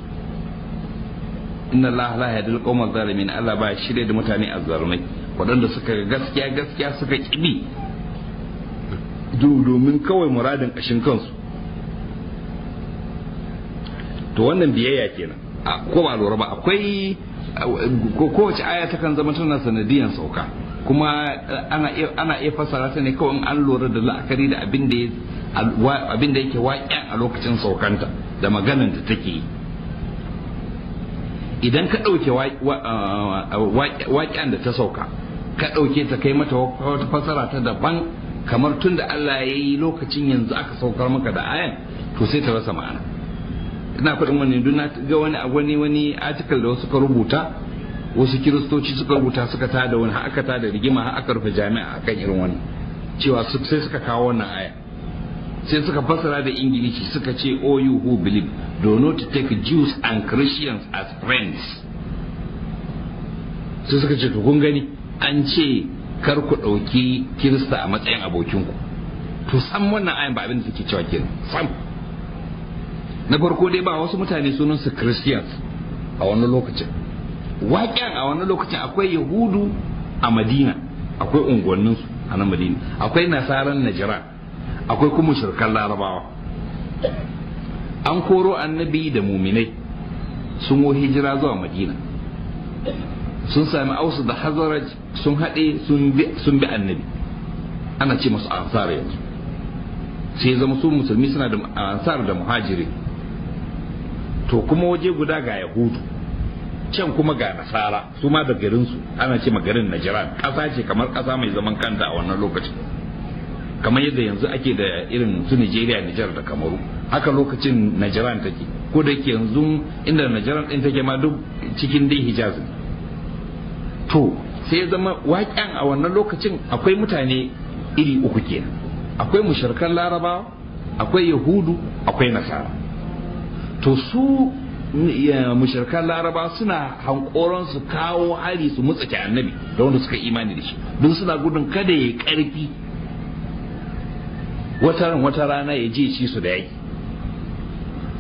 inna Allah la yahdil qawmal zalimin Allah ba shirye da mutane azzalumai waɗanda suka ga gaskiya gaskiya suka kibi domin kawai muradin kashin kansu to wannan biyayya kenan a ko ba lura ba akwai kowace aya takan zama tana sanadiyan sauka kuma eh, ana iya fassara ta ne kawai an lura da la'akari da abin da yake waƙen a lokacin saukanta da maganan da take yi idan ka ɗauke eh, waƙen da ta sauka ka ɗauke ta kai mata wata fasara ta daban kamar tun da Allah ya yi lokacin yanzu aka saukar maka da ayan to sai ta rasa ma'ana ina faɗin wani duna na ga wani a wani wani article da wasu ka rubuta wasu kiristoci suka rubuta suka ta da wani haka ta da rigima har aka rufe jami'a akan irin wani cewa sai suka kawo wannan aya sai suka fasara da ingilishi suka ce oh you who believe do not take Jews and Christians as friends sai suka ce to kun gani an ce kar ku ɗauki kirista a matsayin abokinku to san wannan ayan ba abin da suke cewa kenan san. na farko dai ba wasu mutane sunansu christians a wani lokacin waƙen a wani lokacin akwai yahudu a madina akwai unguwanninsu a nan madina akwai nasaran najira akwai kuma shirkan larabawa an koro annabi da muminai sun wo hijira zuwa madina sun sami ausu da hazaraj sun haɗe sun bi annabi ana ce masu ansar yanzu sai zama su musulmi suna da ansar da muhajiri to kuma waje guda ga yahudu can kuma ga nasara su ma da garinsu ana ce garin najiran ƙasa ce kamar ƙasa mai zaman kanta a wannan lokacin kamar yadda yanzu ake da irin su nigeria nijar da kamaru haka lokacin najiran take ko da ke yanzu inda najiran ɗin take ma duk cikin dai hijaz to sai zama waƙen a wannan lokacin akwai mutane iri uku kenan akwai musharkan larabawa akwai yahudu akwai nasara to su mm, mushirkan laraba suna hankoron su kawo hari su mutsake annabi da wanda suka imani da shi don suna gudun kada ya karfi wata rana ya je ci su da yaki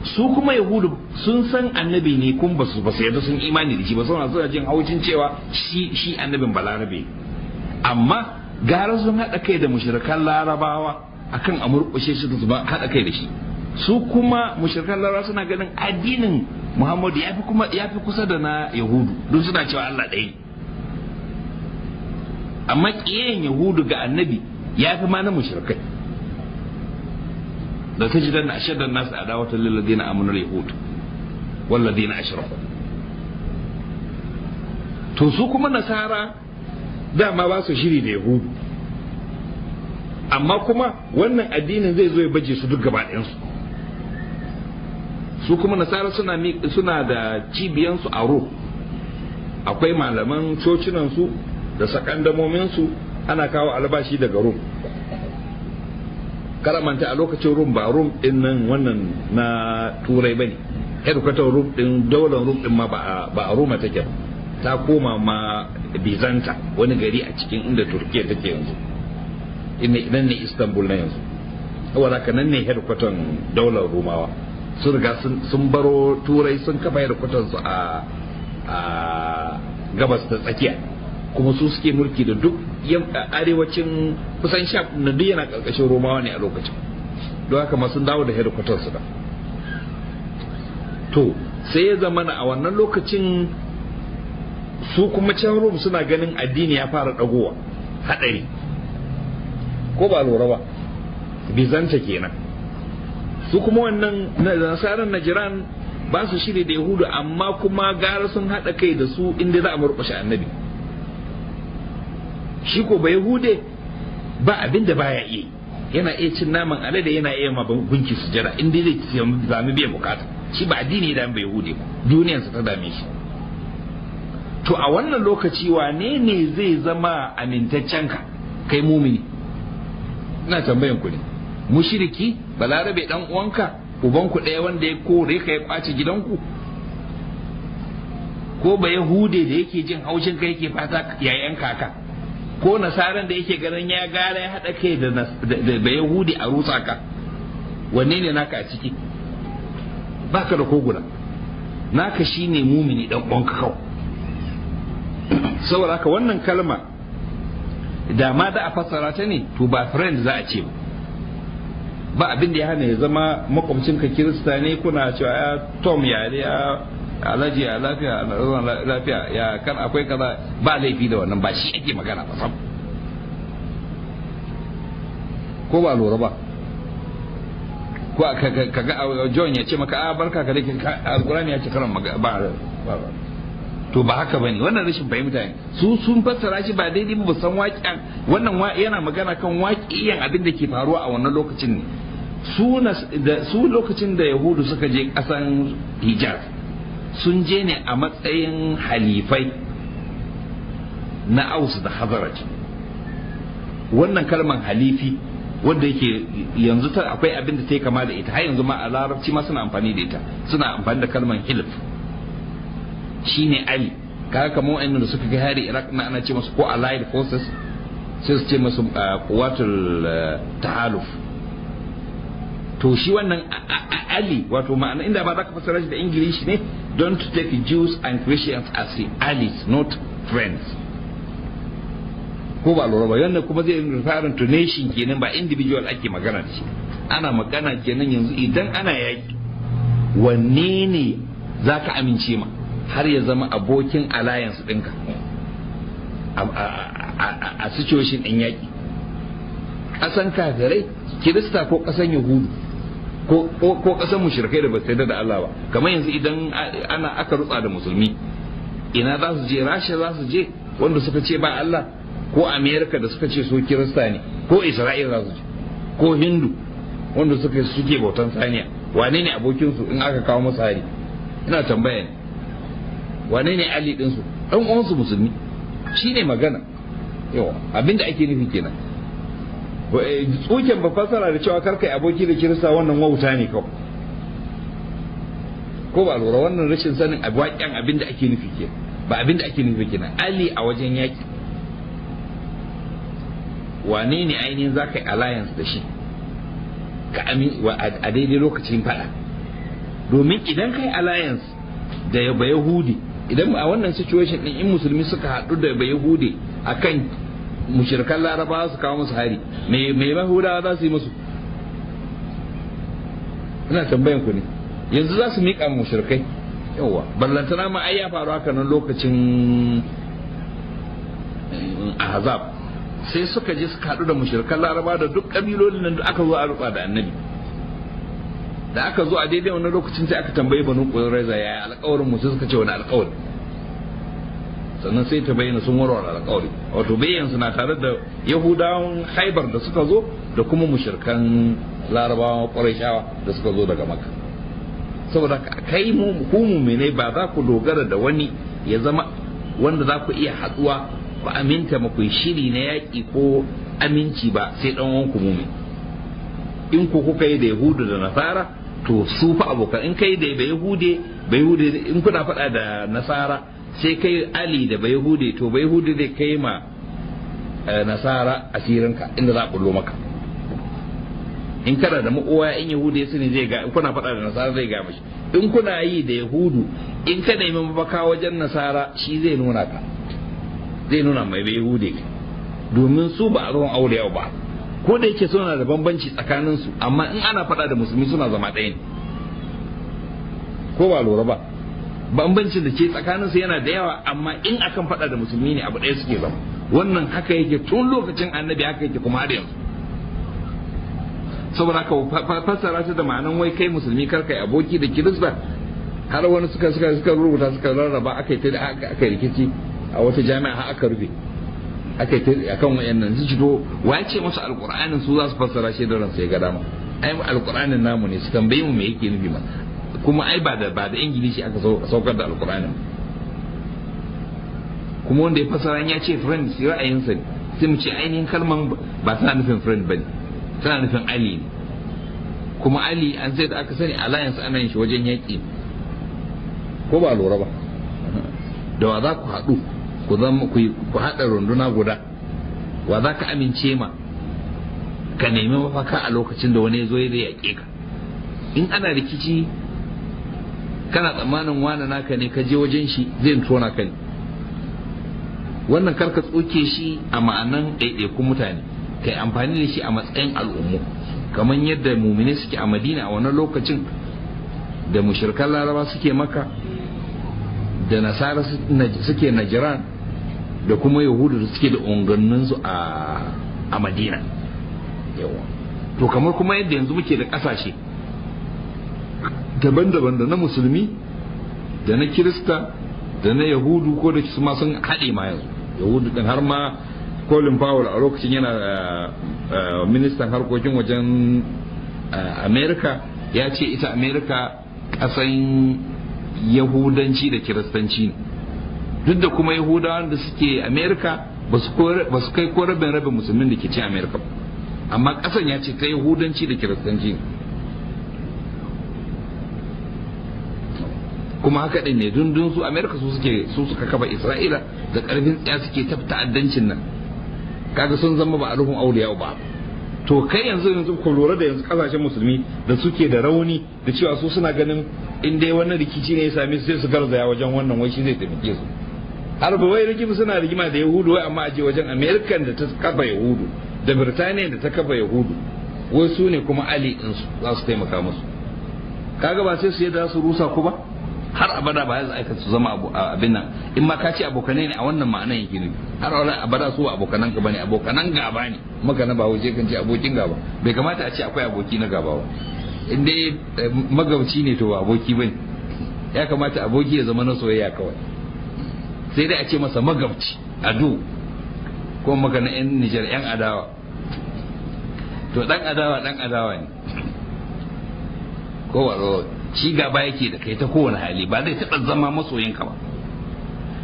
su kuma yahudu sun san annabi ne kun ba su ba su yadda sun imani da shi ba suna suna jin haucin cewa shi annabin annabin balarabe amma gara sun haɗa kai da mushrikan larabawa akan amurkushe shi da su haɗa kai da shi su kuma mushrikan larabawa suna ganin addinin muhammadu fi kuma fi kusa da na yahudu don suna cewa Allah ɗaya amma kiyayen yahudu ga annabi fi ma na mushrikai da ta ji danna ashadda nasu adawatan lil ladina Yahudu. yahud wal ladina ashraku to su kuma nasara dama ba su shiri da yahudu amma kuma wannan addinin zai zo ya baje su duk gaba ɗayansu su kuma nasara suna suna da cibiyansu a ro akwai malaman cocinansu da sakandamominsu ana kawo albashi daga rum karamanta a lokacin rum ba rum din nan wannan na turai bane headquarter rum din daular rum din ma ba a roma take ta koma ma bizanta wani gari a cikin inda turkiya take yanzu idan ne istanbul na yanzu saboda nan ne headquarter daular rumawa sun riga sun baro turai sun kafa yarkutansu a gabas da tsakiya kuma su suke mulki da duk arewacin kusan sha na duk yana karkashin romawa ne a lokacin don haka ma sun dawo da su da to sai ya zama a wannan lokacin su kuma can rom suna ganin addini ya fara dagowa hadari ko ba lura ba bizanta kenan su kuma wannan nasarar jiran ba su shirya da yahudu amma kuma gara sun haɗa kai da su inda za a murƙushe annabi shi ko ba yahude ba abin da baya iya yana iya cin naman da yana iya ma gunki su jira inda zai zami biya bukata shi ba addini da ba yahude ba sa ta dame shi to a wannan lokaci wane ne zai zama amintaccen ka kai mumini ina tambayan ku ne Mushiriki, balarabe dan uwanka ubanku ɗaya wanda ya kore ka ya kwace gidanku ko ba yahude da yake jin haushin ka yake fata yayan kaka ko nasaran da yake ganin ya gara ya haɗa kai da ba yahudi a rusa ka wanne ne naka a ciki baka da koguna naka shine mumini dan uwanka kawo saboda haka wannan kalma da ma da a fassara ta ne to ba friend za a ce ba ba abin da ya hana ya zama makwabcinka kirista ne kuna cewa ya ah, tom ya ne ya ah, alaji ya lafiya lafiya ya kan akwai kaza ba laifi da wannan ba shi ake magana ba sam ko ba lura ba ko ka ga John ya ce maka a ah, barka ka dake alkurani ya ce karan ba ba to ba haka bane wannan rashin fahimta ne su sun fassara shi ba daidai ba san waƙiyan wannan yana magana kan waƙiyan abin da ke faruwa a wannan lokacin ne su lokacin da yahudu suka je ƙasan hijaz sun je ne a matsayin halifai na aus da hazaraj wannan kalman halifi wanda yake yanzu ta akwai abin da ta yi kama da ita har yanzu ma a larabci ma suna amfani da ita suna amfani da kalman hilf shine ali kaga kamar wa'annan da suka kai hari iraq na ana ce masu ko allied forces sai su ce masu kuwatul uh, uh, tahaluf to shi wannan ali wato ma'ana inda ba za ka fassara shi da ingilishi ne don't take jews and christians as allies not friends ko ba lura ba yannan kuma zai referring to nation kenan ba individual ake magana da shi ana magana kenan yanzu idan ana yaki wanne ne za ka amince ma har ya zama abokin alliance dinka a situation ɗin yaƙi ƙasan kafirai kirista ko ƙasan yahudu ko ƙasan mushrikai da ba su da Allah ba kamar yanzu idan ana aka rutsa da musulmi ina za su je rasha za su je wanda suka ce ba Allah ko amerika da suka ce su kirista ne ko Isra'il za su je ko hindu wanda suka suke bautan saniya wane ne abokinsu in aka kawo masa hari ina tambaya ne wane ne ali din su dan uwansu musulmi shine magana yawa abinda ake nufi kenan eh, tsuken ba fassara da cewa karka yi aboki da kirista wannan wauta ne kawai ko ba lura wannan rashin sanin waƙen abin da ake nufi ke ba abin da ake nufi kenan ali a wajen yaƙi wane ne ainihin za ka yi alliance da shi ka amin a daidai lokacin fada domin idan ka yi alliance da yaba yahudi idan a wannan situation din in musulmi suka haɗu da bai a akan mushirkan laraba su kawo musu hari me me za su yi musu ina tambayan ku ne yanzu za su miƙa mushirkai yawa ballantana ma ai ya faru haka nan lokacin eh, azab sai suka je suka haɗu da mushirkan laraba da duk ƙabilolin nan da aka zo a da annabi da aka zo a daidai wani lokacin sai aka tambayi banu ƙuraiza ya yi alƙawarin musu suka ce wani alƙawari sannan sai ta bayyana sun warware alƙawari wato bayyan suna tare da yahudawan haibar da suka zo da kuma mushirkan larabawan shawa da suka zo daga maka saboda kai mu ku mumine ba za ku dogara da wani ya zama wanda za ku iya haɗuwa ba aminta ma ku shiri na yaƙi ko aminci ba sai ɗan wanku mumin in ku kuka yi da yahudu da nasara to su fa abokan in kai da bai hude bai hude in kuna faɗa da nasara sai kai ali da bai hude to bai hude zai kai ma eh, nasara asirinka inda za a bullo maka in kana da ma'uwa in yahude ya sani zai ga in kuna faɗa da nasara zai ga mashi in kuna yi da yahudu in ka nemi mafaka wajen nasara shi zai nuna ka zai nuna mai bai yahude domin su ba a ruwan aure ba ko da yake suna da bambanci tsakanin su amma in ana faɗa da musulmi suna zama ɗaya ne ko ba lura ba bambancin da ke tsakanin su yana da yawa amma in akan faɗa da musulmi ne abu ɗaya suke zama wannan haka yake tun lokacin annabi haka yake kuma har yanzu saboda haka fassara ta da ma'anan wai kai musulmi kar kai aboki da kirista har wani suka suka rubuta suka rarraba aka yi ta aka rikici a wata jami'a har aka rufe ake ta akan wayannan su cito waye ce musu alkur'anin su za su fassara shi da ransu ya ga dama ai alkur'anin namu ne su tambaye mu me yake nufi ma kuma ai ba da ba da ingilishi aka saukar da alkur'anin kuma wanda ya fassara ya ce friend sai ra'ayinsa ne sai mu ce ainihin kalman ba tana nufin friend bane tana nufin ali ne kuma ali an sai da aka sani alliance ana yin shi wajen yaƙi ko ba lura ba da wa za ku haɗu ku zama ku haɗa runduna guda wa za ka amince ma ka nemi mafaka a lokacin da wani ya zo ya yaƙe ka in ana rikici kana tsammanin wani naka ne ka je wajen shi zai tona ka ne wannan karka tsoke shi a ma'anan ɗaiɗaikun mutane kai amfani da shi a matsayin al'ummu kamar yadda mumini suke a madina a wannan lokacin da mushirkan laraba suke maka da nasara suke najiran da kuma yahudu da suke da su a madina yawa to kamar kuma yadda yanzu muke da kasashe. daban-daban da na musulmi da na kirista da na yahudu ko da su ma sun haɗe ma yanzu yahudu ɗin har ma colin powell a lokacin yana eh, eh, ministan harkokin wajen eh, america ya ce ita america ƙasan yahudanci da kiristanci ne duk da kuma yahudawan da suke amerika ba su kai ko rabin rabin musulmin da ke ci amerika amma kasan ya ce ta yahudanci da kiristanci ne kuma haka ɗin ne dundun su amerika su suke su suka kafa isra'ila da ƙarfin tsaya suke ta ta'addancin nan kaga sun zama ba a ruhun auliya ba to kai yanzu yanzu ku lura da yanzu kasashen musulmi da suke da rauni da cewa su suna ganin in dai wannan rikici ne ya same su sai su garzaya wajen wannan wai shi zai taimake su wai rigima suna rigima da yahudu wai amma aje wajen american da ta kafa yahudu da birtaniya da ta kafa yahudu wai su ne kuma ali in za su taimaka musu kaga ba sai su yadda su rusa ku ba har abada ba za aika su zama abin nan in ma ka ce abokanai ne a wannan ma'anan yake ne har abada su ba abokanan ka bane abokanan gaba ne magana ba waje kan ce abokin gaba bai kamata a ce akwai aboki na gaba ba in dai eh, magabci ne to ba aboki bane ya kamata aboki ya zama na soyayya kawai sai dai a ce masa magabci ado ko maganin yan nijar yan adawa to dan adawa dan adawa ne ko waro ci gaba yake da kai ta kowane hali ba zai taɓa zama masoyinka ba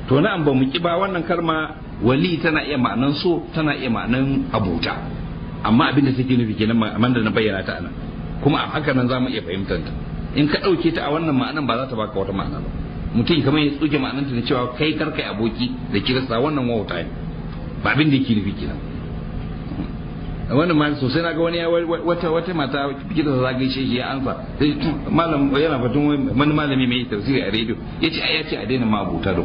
to na'am ba mu ki ba wannan karma wali tana iya ma'anan so tana iya ma'anan abota amma abin da take nufi kenan amma da na bayyana ta anan kuma a haka nan za mu iya fahimtar in ka ɗauke ta a wannan ma'anan ba za ta baka wata ma'ana ba mutum kamar ya tsuke ma'ananta da cewa kai karka aboki da kirista wannan wauta ne ba abin da yake nufi kenan wannan ma sosai na ga wani ya wata wata mata kirista za zagin shi ya ansa sai malam yana batun wani malami mai tafsiri a rediyo yace ai yace a daina ma abota da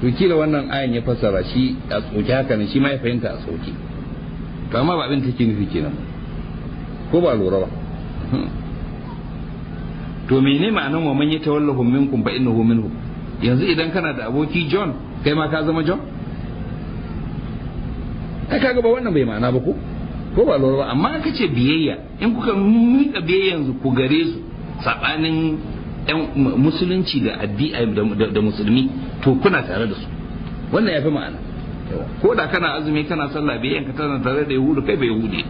to kila wannan ayan ya fassara shi a tsoke haka ne shi ma ya fahimta a tsoke to amma ba abin take nufi kenan ko ba lura ba to mene ma'anan wa man yatawallahum minkum fa innahu minhum yanzu idan kana da aboki John kai ma ka zama John ai kaga ba wannan bai ma'ana ba ko ko ba lura ba amma an kace biyayya in kuka miƙa biyayyanzu ku gare su sabanin yan musulunci da addi'a da musulmi to kuna tare da su wannan yafi ma'ana ko da kana azumi kana sallah biyayyanka tana tare da yahudu kai bai yahudi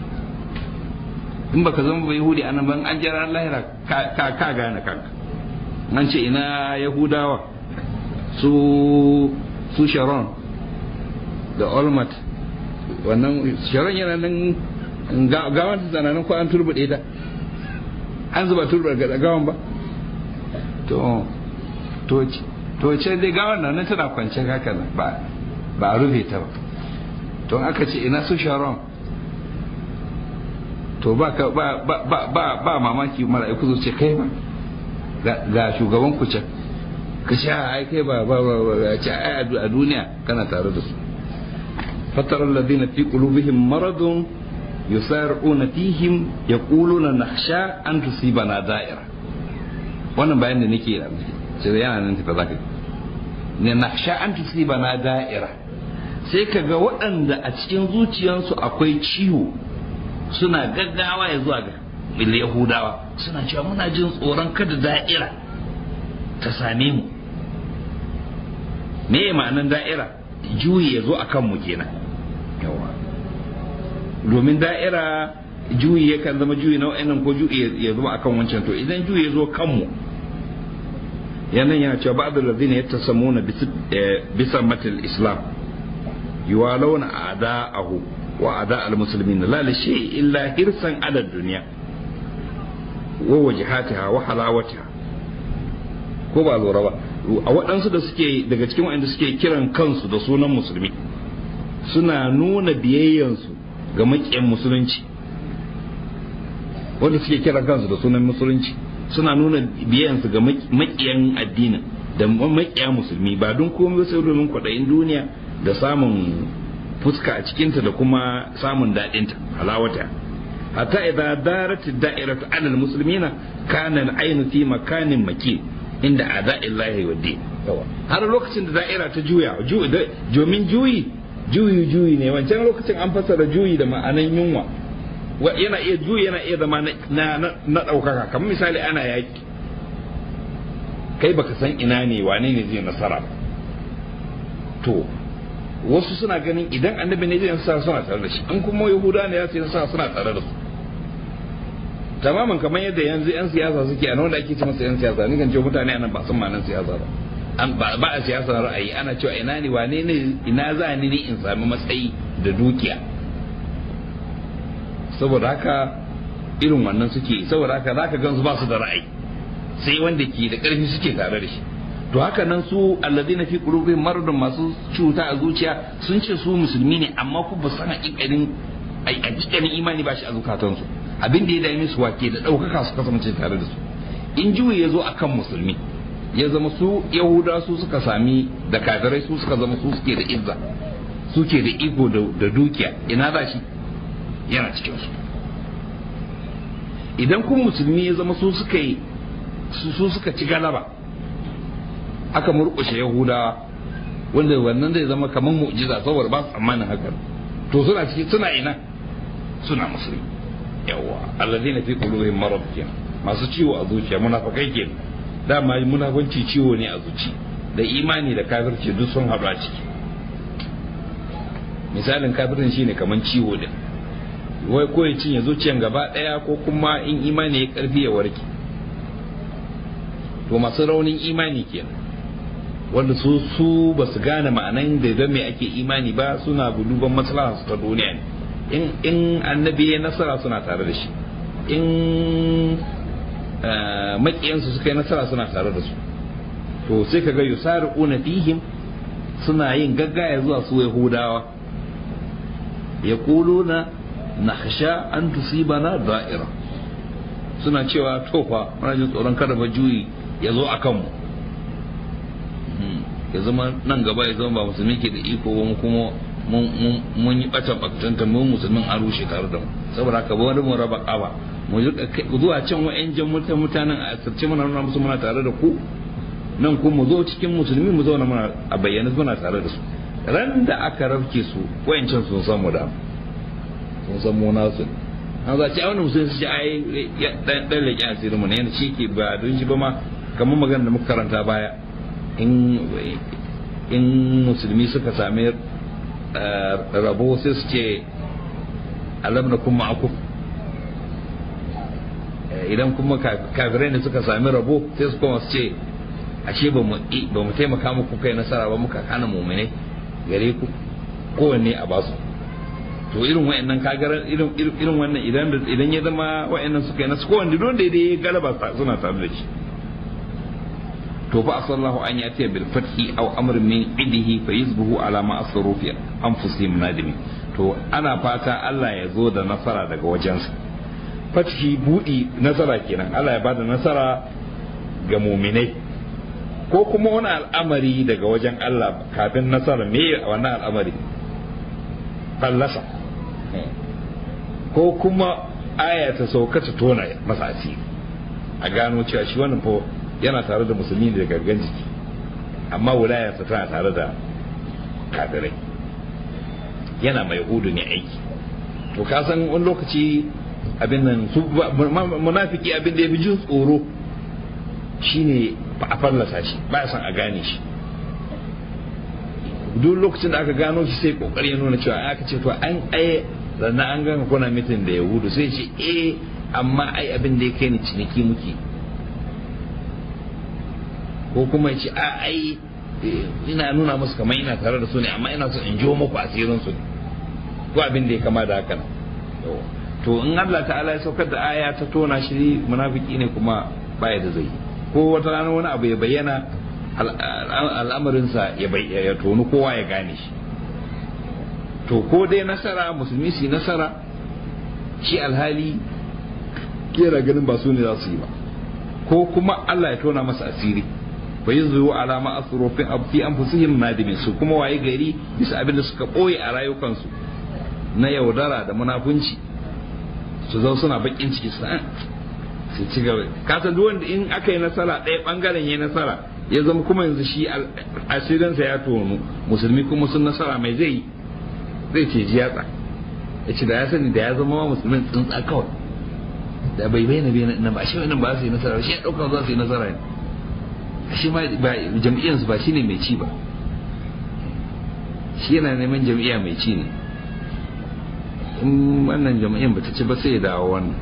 in ka zama ba yahudi anan ban an jira lahira ka ka gane kanka an ce ina yahudawa su su sharon da olmat wannan sharon yana nan gawan ta nan ko an turbuɗe ta an zuba turbar ga gawan ba to to to ce dai gawan nan tana kwance haka ba ba rufe ta ba to aka ce ina su sharon to ba ka ba ba ba ba mamaki mala'iku zo ce kai ba ga shugaban ku can ka ce ai kai ba ba ba ba ce ai a duniya kana tare da su fatar alladhina fi qulubihim maradun yusar'una fihim yaquluna nakhsha an tusibana da'ira wannan bayan da nake yi ce yana nan tafi zaka ne nakhsha an tusibana da'ira sai kaga waɗanda a cikin zuciyansu akwai ciwo suna gaggawa ya zuwa ga yahudawa suna cewa muna jin tsoron kada da'ira ta same mu me ma'anin da'ira juyi ya zo a kanmu kenan yawa domin da'ira juyi ya kan zama juyi na wa'annan ko juyi ya zo a kan wancan to idan juyi ya zo kanmu yanan yana cewa ya alladhina bisa eh, bisammatil islam yuwalawna daahu. وأعداء المسلمين لا لشيء إلا حرصا على الدنيا ووجهاتها وحلاوتها ko ba lura ba a waɗansu da suke daga cikin waɗanda suke kiran kansu da sunan musulmi suna nuna biyayyansu ga maƙiyan musulunci wanda suke kiran kansu da sunan musulunci suna nuna biyayyansu ga maƙiyan addinin da maƙiya musulmi ba don komai sai domin kwaɗayin duniya da samun fuska a cikinta da kuma samun daɗinta halawata hatta idan darat da'iratu alal muslimina kana al-ainu fi makanin maki inda ada'illahi wa din har lokacin da da'ira ta juya domin juyi juyi juyi ne wancan lokacin an fassara juyi da ma'anan yunwa yana iya juyi yana iya zama na ɗaukaka kamar misali ana yaƙi kai baka san ina ne wane ne zai nasara to wasu suna ganin idan annabi ne zai sa suna tare da shi an kuma yahuda ne ya yan sa suna tare da su tamamin kamar yadda yanzu yan siyasa suke a wanda ake ce masa yan siyasa ni kan ce mutane anan ba ma nan siyasa ba an ba a siyasa ra'ayi ana cewa ina ne wane ne ina za ni ne in sami matsayi da dukiya saboda haka irin wannan suke saboda haka zaka gan su ba su da ra'ayi sai wanda ke da karfi suke tare da shi to haka nan su na fi qulubihim maradun masu cuta a zuciya sun ce su musulmi ne amma ku ba san a cikin imani ba shi a zukatansu abin da ya dame su wake da ɗaukaka su kasance tare da su in juyi ya zo a kan musulmi ya zama su yahuda su suka sami da kafirai su suka zama su suke da izza suke da iko da dukiya ina za shi yana cikin su idan kun musulmi ya zama su suka yi su suka ci galaba aka murƙushe yahuda wanda wannan zai zama kamar mu'jiza saboda ba su tsammanin hakan to suna ciki suna ina suna musulmi yawa alladhina fi qulubihim marad masu ciwo a zuciya munafikai Da dama munafanci ciwo ne a zuci da imani da kafirci duk sun haɗu a ciki misalin kafirin shine kamar ciwo din wai ko ya cinye zuciyan gaba daya ko kuma in imani ya karfi ya warke to masu raunin imani kenan wanda su su ba su gane ma'anan da don me ake imani ba suna buluban maslaha su ta duniya ne in annabi ya nasara suna tare da shi in eh, makiyansu suka yi nasara suna tare da su to sai ka ga una fihim suna yin gaggaya zuwa su yahudawa na nakhsha an tusibana da'ira suna cewa tofa fa jin tsoron kada ba juyi ya zo a kanmu. ya zama nan gaba ya zama ba musulmi ke da iko ba mu kuma mun yi bata bakatanta mun musulmin an rushe tare da mu saboda haka ba wani mu raba kawa mu zuwa can jan mutanen a asirce muna nuna musu muna tare da ku nan kuma mu zo cikin musulmi mu zauna muna a bayyana muna tare da su ran da aka rafke su can sun mu da sun mu nasu an za ce a wani musulmi su ci ai dan leke asirin mu ne yana shi ke ba don shi ba ma kamar magana da muka karanta baya in musulmi suka sami eh, rabo sai su ce alamna kun kuma eh, idan kuma kafirai ne suka sami rabo sai su kuma su ce ashe ba mu taimaka muku kai nasara ba muka kana mumine gare ku kowanne a basu to irin wa'annan kagaran irin wannan idan ya zama wa'annan suka yi nasu kowanne don da ya galaba suna tare da shi to fa asallahu an tiya bil fathi aw amr min idihi fa yusbihu ala ma asru fi anfusihim nadimi to ana fata Allah ya zo da nasara daga wajensa fathi budi nasara kenan Allah ya bada nasara ga muminai ko kuma wani al'amari daga wajen Allah kafin nasara me wannan al'amari fallasa ko kuma aya ta sauka ta tona masa a gano cewa shi wannan fa yana tare da musulmi da gargan jiki amma wilayarsa tana tare da kafirai yana mai hudu ne aiki to ka san wani lokaci abin nan su munafiki abin da ya fi jin tsoro shine ba a fallasa shi ba san a gane shi duk lokacin da aka gano shi sai kokari ya nuna cewa aka ce to an aye sannan an ganga kuna mitin da yahudu sai ce eh amma ai abin da ya kai ni ciniki muke ko kuma ya ce a ai ina nuna musu kamar ina tare da su ne amma ina son in jo muku asirin su ne ko abin da ya kama da haka to in Allah ta'ala ya saukar da aya ta tona shi munafiki ne kuma baya da zai ko wata rana wani abu ya bayyana al'amarinsa ya toni kowa ya gane shi to ko dai nasara musulmi su nasara shi alhali kera ganin ba su ne za su yi ba ko kuma Allah ya tona masa asiri fa yuzu ala ma asrufin fi anfusihim madimin su kuma waye gari bisa abin da suka boye a rayukansu na yaudara da munafunci su zo suna bakin ciki su su ci gaba ka san duk wanda in aka yi nasara ɗaya bangaren yayi nasara ya zama kuma yanzu shi asirinsa ya tonu musulmi kuma sun nasara mai zai zai ce ji yatsa ya ce da ya sani da ya zama ma musulmin tsuntsa kawai da bai bai na bai na ba shi wannan ba su yi nasara shi ya ɗauka za su yi nasara ne shi ma jam'iyyarsu ba ne mai ci ba shi yana neman jam'iyya mai ci ne in wannan jam'iyyar bata ci ba sai ya dawo wannan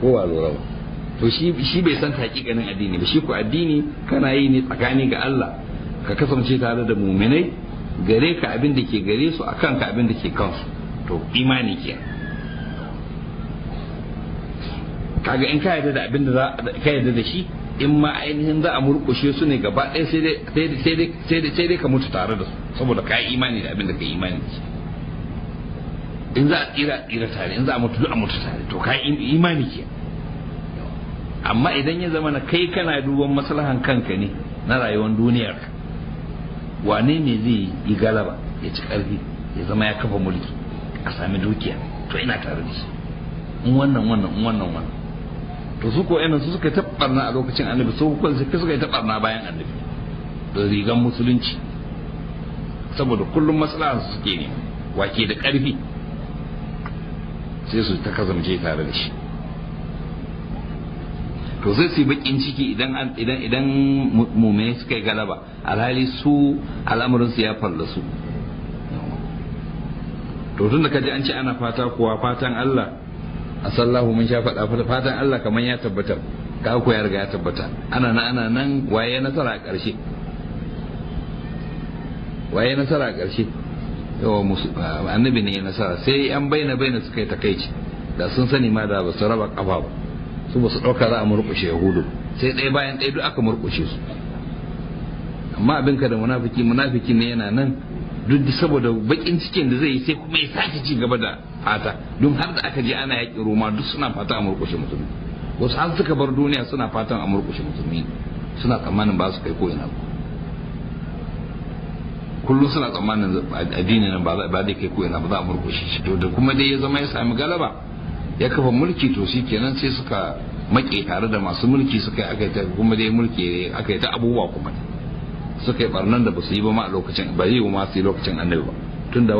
ko ba lura ba to shi bai san hakikanin addini ba shi ku addini kana yi ne tsakani ga Allah ka kasance tare da muminai gare ka abin da ke gare su akan ka abin da ke kansu to imani ke. kaga in ka yarda da abin da za ka yarda da shi in ma ainihin za a murkushe su ne gaba ɗaya sai dai ka mutu tare da su saboda ka yi imani da abin da ka yi imani in za a tsira tsira tare in za a mutu a mutu tare to ka yi imani ke amma idan ya zama na kai kana duban maslahan kanka ne na rayuwar duniyar wane ne zai yi galaba ya ci ƙarfi ya zama ya kafa mulki a sami dukiya to ina tare da shi in wannan wannan in wannan wannan to su ko su suka ta a lokacin annabi su ko su suka ta bayan annabi da rigan musulunci saboda kullum maslahan su suke ne wake da karfi sai su ta kasance tare da shi to zai su bakin ciki idan idan idan mumene suka yi galaba alhali su al'amarin su ya fallasu to tun da kaji an ce ana fata kuwa fatan Allah a sallahu mun sha faɗa fatan Allah kamar ya tabbata ka ku ya riga ya tabbata ana nan ana nan waye nasara a ƙarshe waye nasara a ƙarshe yawa annabi ne ya nasara sai an baina baina suka yi takaici da sun sani ma da ba su raba kafa ba su ba su ɗauka za a murƙushe yahudu sai ɗaya bayan ɗaya duk aka murƙushe su amma abinka da munafiki munafiki ne yana nan duk da saboda bakin cikin da zai yi sai kuma ya sake ci gaba da fata don har da aka je ana yaƙi roma duk suna fata a murƙushe musulmi wasu har suka bar duniya suna fatan a murƙushe musulmi eh. suna tsammanin ba su kai ko ina kullum suna tsammanin addini nan ba zai kai ko ina ba za a murƙushe shi to da kuma dai ya zama ya sami galaba ya kafa mulki to shi kenan sai suka maƙe tare da masu mulki suka yi aka yi ta kuma dai mulki aka yi ta abubuwa kuma suka yi barnan da ba su yi ba ma a lokacin ba yi ma su yi lokacin annabi ba tun da